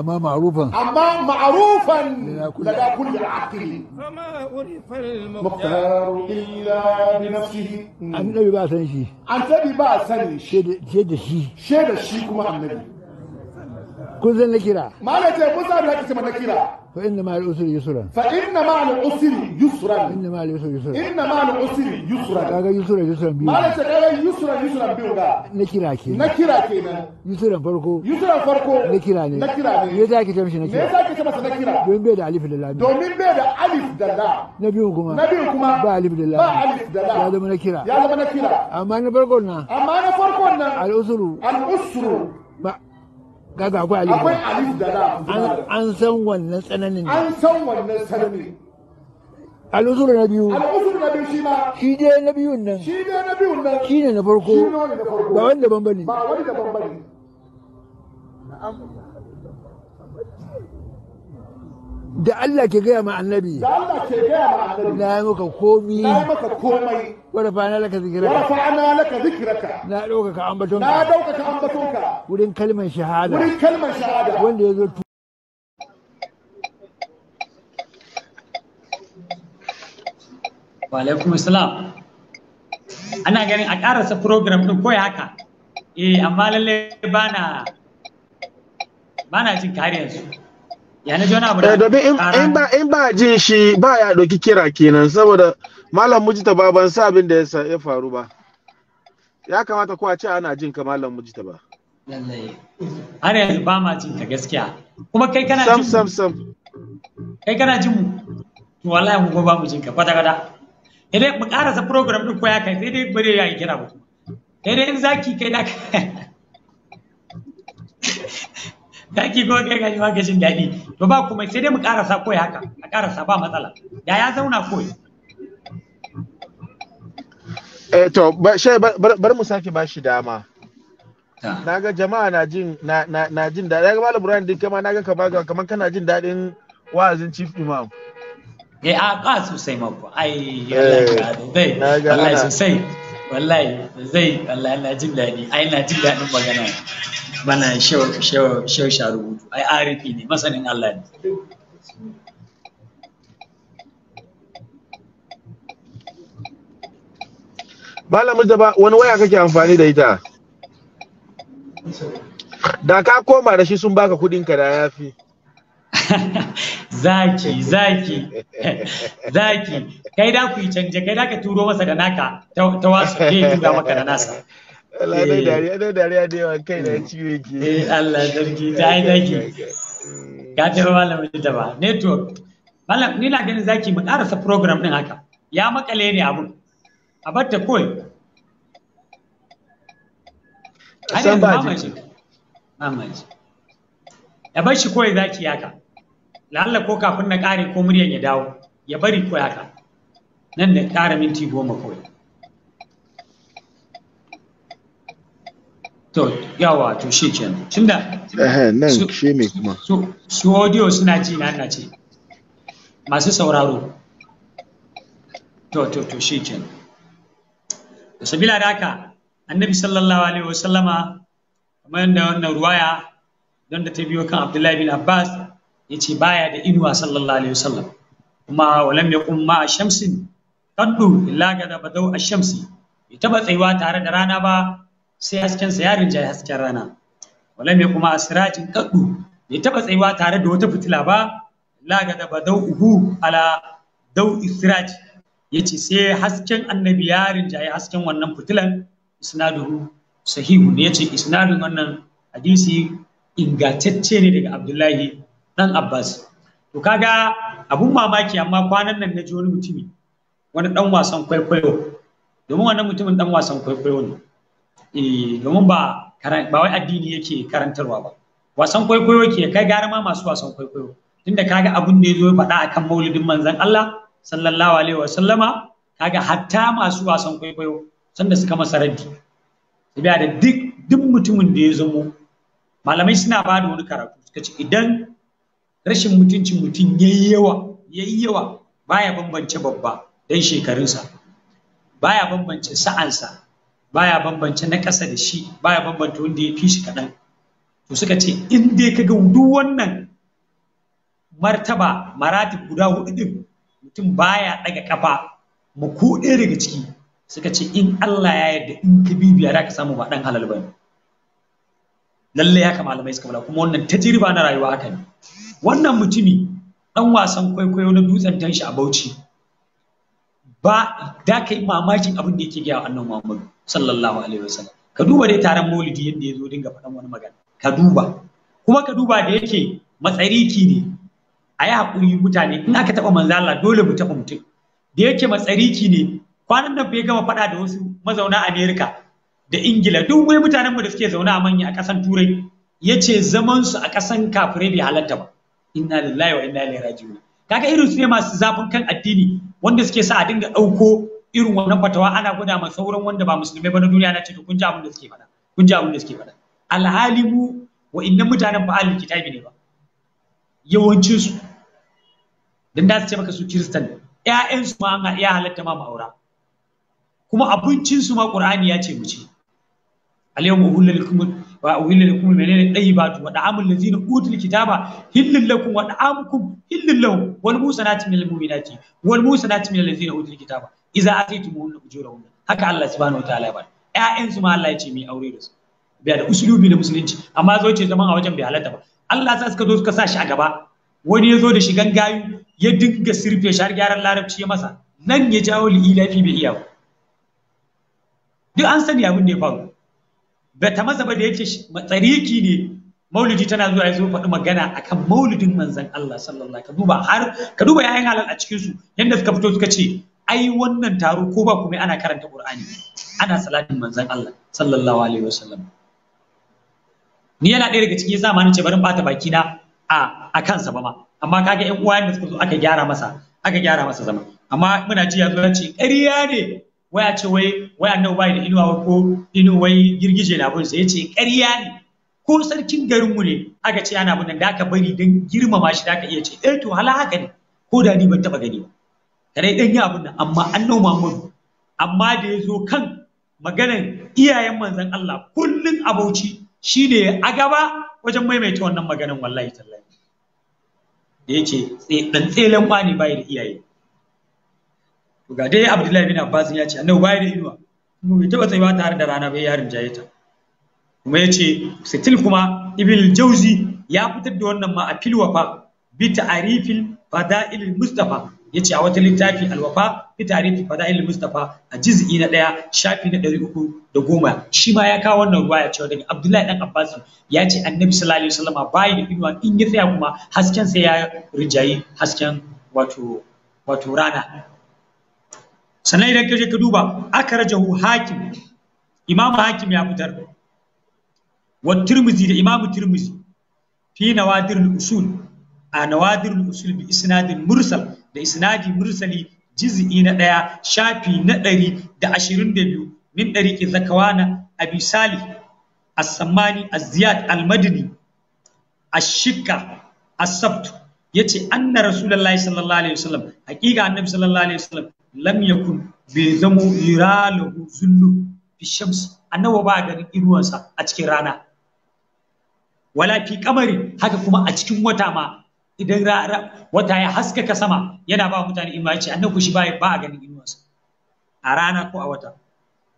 أما معروفا أما معروفا لدى كل العقل فما عرف المختار إلا بنفسه النبي با سن شي النبي با سن شيء شي شي شي شي كما النبي كن زن نكرا ما لا تي كن زن نكرا فإن مع العسر يسرا فإن مع العسر يسرا إن مع العسر يسرا إن مع العسر يسرا كاغا يسرا يسرا بيو مالك كاغا يسرا يسرا بيو غا نكيرا كينا نكيرا كينا يسرا فرقو يسرا فرقو نكيرا ني نكيرا ني me yasa kike mishi nakira me yasa kike masa nakira domin bai da alif da domin bai da alif da na biyu kuma na biyu kuma ba alif da ba alif da ya zama nakira ya zama nakira amma na farkon nan amma na farkon nan al usru gaga akwai Ali akwai an san wannan tsananin an san wannan tsananin al'usur na biyu shi ma na biyun nan shi dai na biyun nan shi ne na farko ba wani daban ba wani daban bane na'am da Allah ke gaya ma annabi da Allah ke gaya ma na yi maka komi na yi maka komai fana laka zikira na ɗaukaka ambatonka na wurin kalmar shahada wanda ya zo wa alaikum salam ana ganin a karasa program din koyi haka eh amma lalle bana bana jin kariyar su na eh, domin in ba jin shi ba ya ɗauki kira kenan saboda malam mujita ba ban sa abin da ya faru ba ya kamata ko a ce ana jin ka malam mujita ba har yanzu ba ma jin ka gaskiya kuma kai kana jin sam sam kai kana jin mu to wallahi mu ba mu jin ka kwata kwata idan mu karasa program din ko ya kai sai dai bare ya yi kira ba sai dai in zaki kai da Daki ko kai gashi ba gashin daɗi. To ba kuma sai dai mu karasa koyi haka, a karasa ba matsala. Da ya zauna koyi. Eh to, bar mu sake ba shi dama. Na ga jama'a na jin na na na jin daɗi. Na ga Malam Ibrahim din kama na ga kamar kamar kana jin daɗin wa'azin Chief Imam. Eh a ka sosai ma ko. Ai eh, wallahi wallahi sosai. Wallahi zai wallahi na jin daɗi. Ai na jin daɗin magana. bana shau sha rubutu ai arifi ne masanin Allah ne Malamin da ba wani waya kake amfani da ita da ka koma da shi sun baka ka da yafi zaki zaki zaki kai da ku yi canje kai da ka turo masa da naka ta wasu ke da maka da nasa Allah na eh. dariya na dariya da yawan kai na eh. ciwo yake. Eh Allah sarki ta yi zaki. Eh, Ka tafi malam da ba network. Malam ni na ganin zaki mu ƙarasa program ɗin haka. Ya makale ne abun. A batta kawai. San ba ji. Mamaji. Ya bar shi kawai zaki haka. Lalla ko kafin na kare ko muryan ya dawo. Ya bari ko haka. Nan da ƙara minti goma kawai. to yawa to shi kenan tunda nan shi ne kuma su audio suna ji na ana ce masu sauraro to to to shi kenan to sabila da haka annabi sallallahu alaihi wasallama kamar yadda wannan ruwaya don da ta biyo kan abdullahi bin abbas ya ce baya da inuwa sallallahu alaihi wasallam kuma walam yaqum ma shamsin kaddu illa da dau ash-shamsi bai taba tsayuwa tare da rana ba sai hasken sa ya rinjaye hasken rana wala mai kuma asirajin kaddu bai taba tsayuwa tare da wata fitila ba laga da uhu ala dau isiraj yace sai hasken annabi ya rinjaye hasken wannan fitilan isnaduhu sahihu ne yace isnadun wannan hadisi ingantacce ne daga Abdullahi dan Abbas to kaga abun mamaki amma kwanan nan na ji wani mutumi wani dan wasan kwaikwayo domin wannan mutumin dan wasan kwaikwayo ne eh domin ba ba wai addini yake karantarwa ba wasan kwaikwayo ke kai gara ma masu wasan kwaikwayo tunda kaga abun da yazo faɗa akan maulidin manzon Allah sallallahu alaihi wa sallama kaga hatta masu wasan kwaikwayo sanda suka masa raddi tabiya da duk duk mutumin da ya zamo malamai suna ba da wani karatu suka ce idan rashin mutuncin mutum yayi yawa yayi yawa baya bambance babba dan shekarunsa baya bambance sa'ansa baya bambance na ƙasa da shi baya bambanta wanda ya fi shi kaɗan to suka ce in dai ka ga duk wannan martaba maratib guda hudu din mutum baya daga kafa ko ɗaya daga ciki suka ce in Allah ya yarda in ka bibiya za ka samu ba dan halal bane lalle ya kama malamai suka bala kuma wannan tajriba na rayuwa haka ne wannan mutumi dan wasan kwaikwayo na dutsen tanshi a Bauchi ba da kai mamakin abin da yake gaya wa annabi Muhammadu sallallahu alaihi wasallam ka duba dai taron maulidi yadda ya zo dinga faɗan wani magana ka duba kuma ka duba da yake matsariki ne a yi haƙuri mutane in aka taɓa manzo Allah dole mu taɓa mutum da yake matsariki ne kwanan nan bai gama faɗa da wasu mazauna Amerika da Ingila duk wai mutanenmu da suke zaune a manya a ƙasan Turai ya ce zamansu a ƙasan kafirai bai halatta ba inna lillahi wa inna ilaihi raji'un kaga irin su ne masu zafin kan addini wanda suke sa a dinga ɗauko irin wannan fatawa ana gwada ma sauran wanda ba musulmai ba na duniya na ce to kun ji abin da suke faɗa kun ji abin da suke faɗa alhali mu wa'annan mutanen ba ahlul kitabi ne ba yawancin su dan da su ce maka su kristan ƴaƴan su ma an iya halatta ma ma'aura kuma abincin su ma qur'ani ya ce mu ci al yawma uhilla lakum wa uhilla lakum menene ba dayyibatu wa da'amul ladzina utul kitaba hillul lakum wa da'amukum hillul lahum wal musanati minal mu'minati wal musanati minal ladzina utul kitaba idza atitumuhunna ujurahunna haka Allah subhanahu wa ta'ala ya bada ƴaƴan su ma Allah ya ce mu aure da su biya da usulubi da musulunci amma zo ce zaman a wajen bai halatta ba Allah sa suka zo suka sa shi a gaba wani ya zo da shigan gayu ya dinga sirfe shi gyaran larabci ya masa nan ya jawo li'ilafi bai iya duk an sani abin da ya faru da ta masa ba da yake tsariki ne maulidi tana zuwa yanzu faɗi magana akan maulidin manzon Allah sallallahu alaihi duba har ka duba yayin halal a cikin su yanda suka fito suka ce ai wannan taro ko ba kuma ana karanta Qur'ani ana salatin manzon Allah sallallahu alaihi wasallam ni yana ɗaya daga cikin zamanin ce barin bata baki na a a kansa ba ma amma kaga ƴan uwa da suka zo aka gyara masa aka gyara masa zama amma muna ji ya zo ce ƙarya ne Waya ce wai waya nan bai da inuwa ko inuwa girgije na bunsa yace ƙarya ne ko sarkin garinmu ne aka ce ana bin da aka bari dan girmama shi da aka iya ce eh to hala haka ne ko da ni ban taba gani ba kare dan yi abin nan amma annabi mun. amma da ya zo kan maganar iyayen manzon Allah kullum kullun abauci shine a gaba wajen maimaita wannan maganar wallahi tallahi da yace ɗan tselen kwani bai da iyaye to ga dai Abdullahi bin Abbas ya ce annabi bai da inuwa mu bai taba tsayuwa tare da rana bai ya rinjaye ta kuma ya ce sitil kuma Ibn Jauzi ya fitar da wannan ma a filwafa bi ta'rifil fada'il Mustafa yace a wata littafi alwafa bi ta'rifi fada'il Mustafa a juz'i na ɗaya shafi na ɗari uku da goma shi ma ya kawo wannan ya cewa daga Abdullahi dan Abbas ya ce Annabi sallallahu alaihi wasallama bai da inuwa in ya tsaya kuma hasken sai ya rinjayi hasken wato wato rana sannan idan ka je ka duba akrajahu hakim imamu hakim ya fitar wa tirmizi da imamu tirmizi fi nawadir usul a nawadir usul bi isnadin mursal da isnadi mursali juz'i na ɗaya shafi na ɗari da ashirin da biyu min ɗari ki zakawana abi salih as-sammani az-ziyad al-madini ash-shikka as-sabt yace anna rasulullahi sallallahu alaihi wasallam haqiqa annabi sallallahu alaihi wasallam lam yakun bai zamo yiralahu zullu fi shams annabi ba ganin sa a cikin rana wala fi kamari haka kuma a cikin wata ma idan wata ya haskaka sama yana ba mutane inuwa ce annabi shi ba ba a ganin sa a rana ko a wata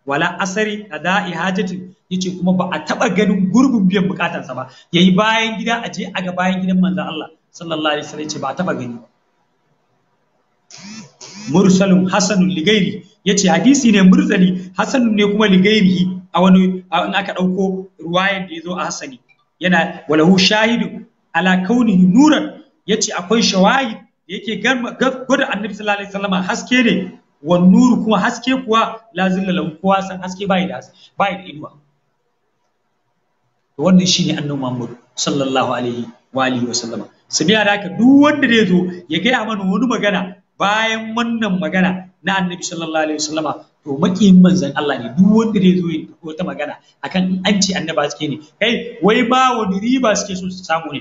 wala asari a da'i hajatin yace kuma ba a taba ganin gurbin biyan bukatansa ba yayi bayan gida a je a ga bayan gidan manzon Allah sallallahu alaihi wasallam ce ba a taba gani ba mursalun hasanun ligairi ya ce hadisi ne mursali hasanun ne kuma Ligairi a wani in aka ɗauko ruwayan da zo a hasani yana walahu shahidu ala kauni nuran ce akwai da yake gwada annabi sallallahu alaihi wasallam haske ne Wa nuru kuma haske kuwa lazin zilla kowa san haske bai da bai da inuwa wannan shine annabi Muhammad sallallahu alaihi wa alihi wasallam sabiya da haka duk wanda zai zo ya gaya mana wani magana bayan wannan magana na annabi sallallahu alaihi wasallama to makiyin manzon Allah ne duk wanda zai zo yin wata magana akan an ce annaba suke ne kai wai ba wani riba suke so su samu ne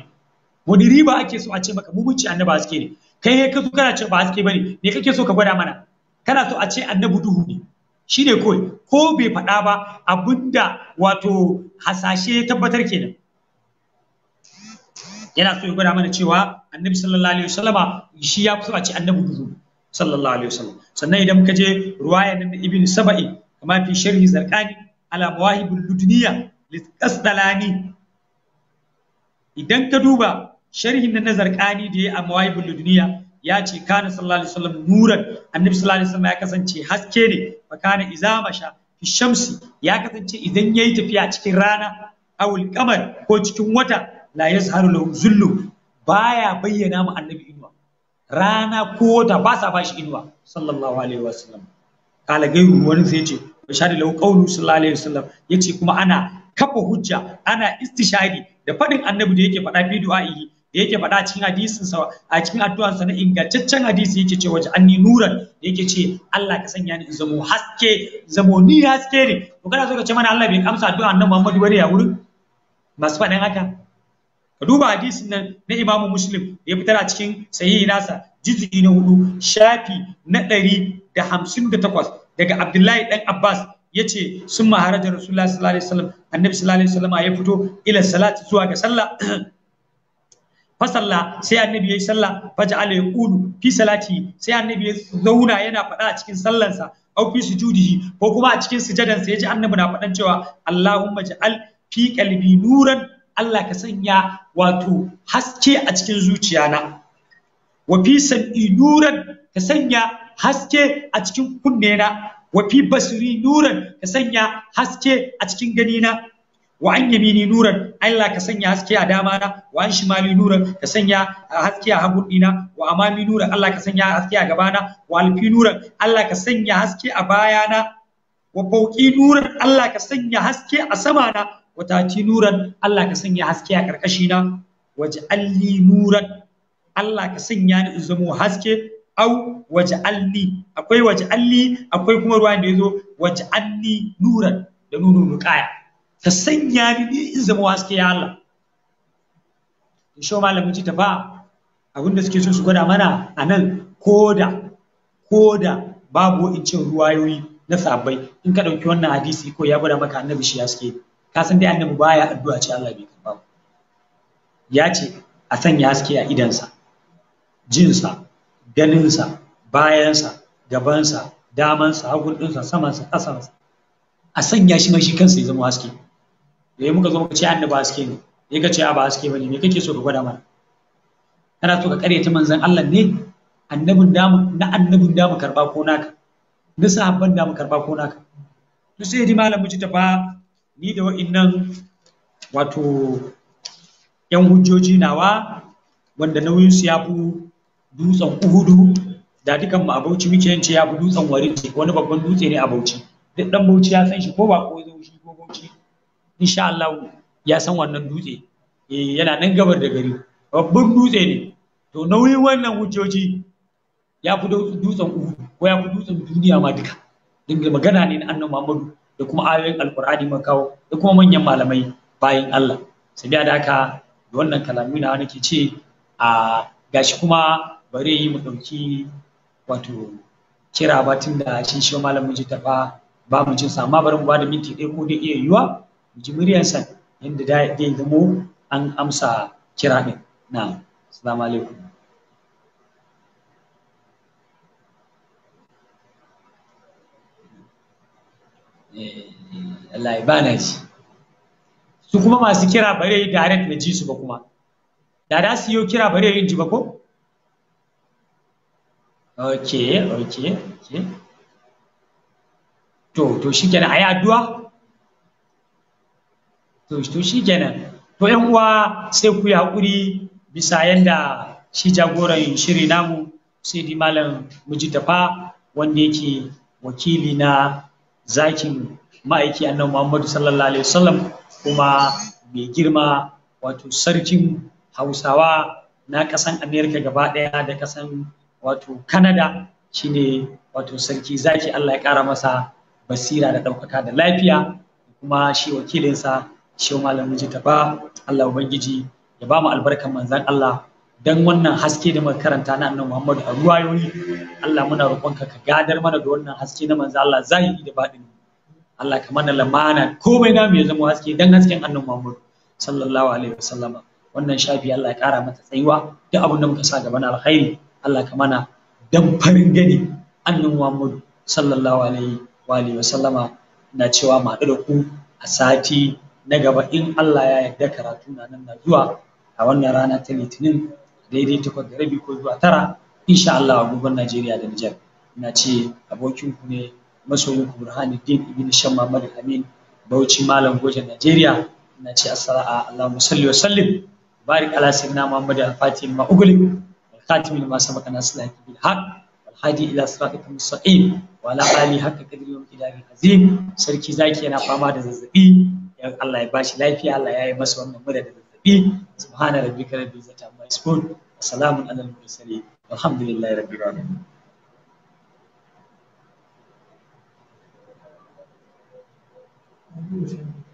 wani riba ake so a ce maka mu mun ce annaba suke ne kai ka zo kana ce ba suke bane ne kake so ka gwada mana kana so a ce annabi duhu ne shine kawai ko bai faɗa ba abinda wato hasashe ya tabbatar kenan yana so ya gwada mana cewa annabi sallallahu alaihi wasallama shi ya fi a ce annabi duhu sallallahu alaihi wasallam sannan idan muka je ruwaya na ibn saba'i kama fi sharhi zarqani ala mawahibul ludniya lisqasdalani idan ka duba sharhin na zarqani da ya a mawahibul ludniya ya ce kana sallallahu alaihi wasallam nuran annabi sallallahu alaihi wasallam ya kasance haske ne fa kana izamasha fi shamsi ya kasance idan yayi tafiya cikin rana awul kamar ko cikin wata la yazharu lahu zullu baya bayyana mu annabi inuwa rana ko da ba sa bashi inuwa sallallahu alaihi wasallam kala gai wani sai yace bashari lahu qawlu sallallahu alaihi wasallam yace kuma ana kafa hujja ana istishari da fadin annabi da yake faɗa fi du'a'i da yake faɗa cikin hadisin sa a cikin sa na ingantaccen hadisi yake ce waje anni nuran yake ce Allah ka sanya ni zamo haske zamo ni haske ne to kana so ka ce mana Allah bai kamsa addu'an annabi Muhammadu bari ya wurin masu faɗin haka ka duba hadisin nan na Imam Muslim ya fitar a cikin sahihi nasa jizgi na hudu shafi na ɗari da hamsin da takwas daga Abdullahi dan Abbas ya ce sun maharaja Rasulullah sallallahu alaihi wasallam annabi sallallahu alaihi wasallam ya fito ila salati zuwa ga sallah fasalla sai annabi ya yi sallah faj'ala yaqulu fi salati sai annabi ya zauna yana faɗa a cikin sallansa au fi sujudihi ko kuma a cikin sujadansa yaji annabi na faɗan cewa Allahumma ja'al fi qalbi nuran Allah ka sanya wato haske a cikin zuciyana wa fi sam'i nuran ka sanya haske a cikin na wa fi basri nuran ka sanya haske a cikin gani na? wa an yamini nuran Allah ka sanya haske a dama na wa an shimali nuran ka sanya haske a hagun dina wa amami nuran Allah ka sanya haske a gaba na? wa alfi nuran Allah ka sanya haske a baya na? wa fauki nuran Allah ka sanya haske a sama na Wataci nuran Allah ka sanya haske a karkashi na alli nuran Allah ka sanya ni in zamo haske au waje alli. akwai waje alli akwai kuma ruwan da yazo alli nuran da nunu nuqaya ka sanya ni in zamo haske ya Allah in sho malamin ji tafa abin da suke so su gwada mana a nan koda koda babu in cin ruwayoyi na sabai in ka ɗauki wannan hadisi ko ya gwada maka annabi shi haske ka san dai annabi baya addu'a ce Allah bai karba ba ya ce a sanya haske a idansa jinsa ganinsa bayansa gabansa damansa saman sa, samansa sa, a sanya shi mai shi kansa ya zama haske da ya muka zo muka ce annaba haske ne ya ka ce a ba haske bane me kake so ka gwada mana kana so ka karyata manzon Allah ne annabin damu na annabin damu karba ko naka na sahabban damu karba ko naka to sai di malam muji ta ni da wa'innan wato yan hujjoji nawa wanda nauyinsu ya fi dutsen uhudu da dukan mu a bauchi muke yance ya fi dutsen warinci wani babban dutse ne a bauchi duk dan bauchi ya san shi ko ba ko zai shi ko bauchi insha Allah ya san wannan dutse eh, yana nan gabar da gari babban dutse ne to nauyin wannan hujjoji ya fi dutsen uhudu ko ya fi dutsen duniya ma duka dinga magana ne na annabi Muhammadu da kuma ayoyin alkur'ani mun kawo da kuma manyan malamai bayan Allah sai da haka da wannan kalamu na nake ce a gashi kuma bare yi mu dauki wato kira ba tun da shi shi malamin ji tafa ba mu jin amma bari mu ba da minti ɗaya ko da iya yiwa mu ji muryarsa yadda da ya zamo an amsa kira ɗin na assalamu alaikum Eh, Allah ya bana ji su kuma masu kira bare yi direct na ji su ba kuma da da su yi kira bare yin ji ba ko ok ok ok to to shi kenan a yi addu'a to to shi kenan to yan uwa sai ku yi haƙuri bisa yanda shi jagoran shiri namu sai di malam mujitafa wanda yake wakili na zakin ma'aiki annabi Muhammadu sallallahu alaihi wasallam kuma mai girma wato sarkin Hausawa na kasan Amerika gaba ɗaya da kasan wato Canada shine wato sarki zaki Allah ya ƙara masa basira da ɗaukaka da lafiya kuma shi wakilinsa shi Malam jita ba Allah ubangiji ya ba mu albarkan manzan Allah dan wannan haske da muka karanta na annabi Muhammadu a ruwayoyi Allah muna roƙonka ka gadar mana da wannan haske na manzo Allah zahiri da baɗini Allah ka mana lamana komai mu ya zama haske dan hasken annabi Muhammadu sallallahu alaihi wasallama wannan shafi Allah ya kara mata tsayuwa duk abin da muka sa gaba na alkhairi Allah ka mana dan farin gani annabi Muhammadu sallallahu alaihi wa alihi wasallama na cewa ma da ku a sati na gaba in Allah ya yarda karatu na nan na zuwa a wannan rana ta litinin daidai takwas da rabi ko zuwa tara insha Allah agogon Najeriya da Nijar na ce abokin ku ne masoyin ku Burhanuddin Ibn Shan Muhammad Amin Bauchi Malam Goje Najeriya na ce assalamu Allahumma salli wa sallim barik ala sayyidina Muhammad al-Fatih ma al khatimi ma sabaka nasla bil haqq hadi ila siratal mustaqim wa ala ali haqqa qadri wa qidari azim sarki zaki yana fama da zazzabi Allah ya bashi lafiya Allah ya yi masa wannan madadin. ربي سبحان ربك رب العزة عما يصفون وسلام على المرسلين والحمد لله رب العالمين Thank you.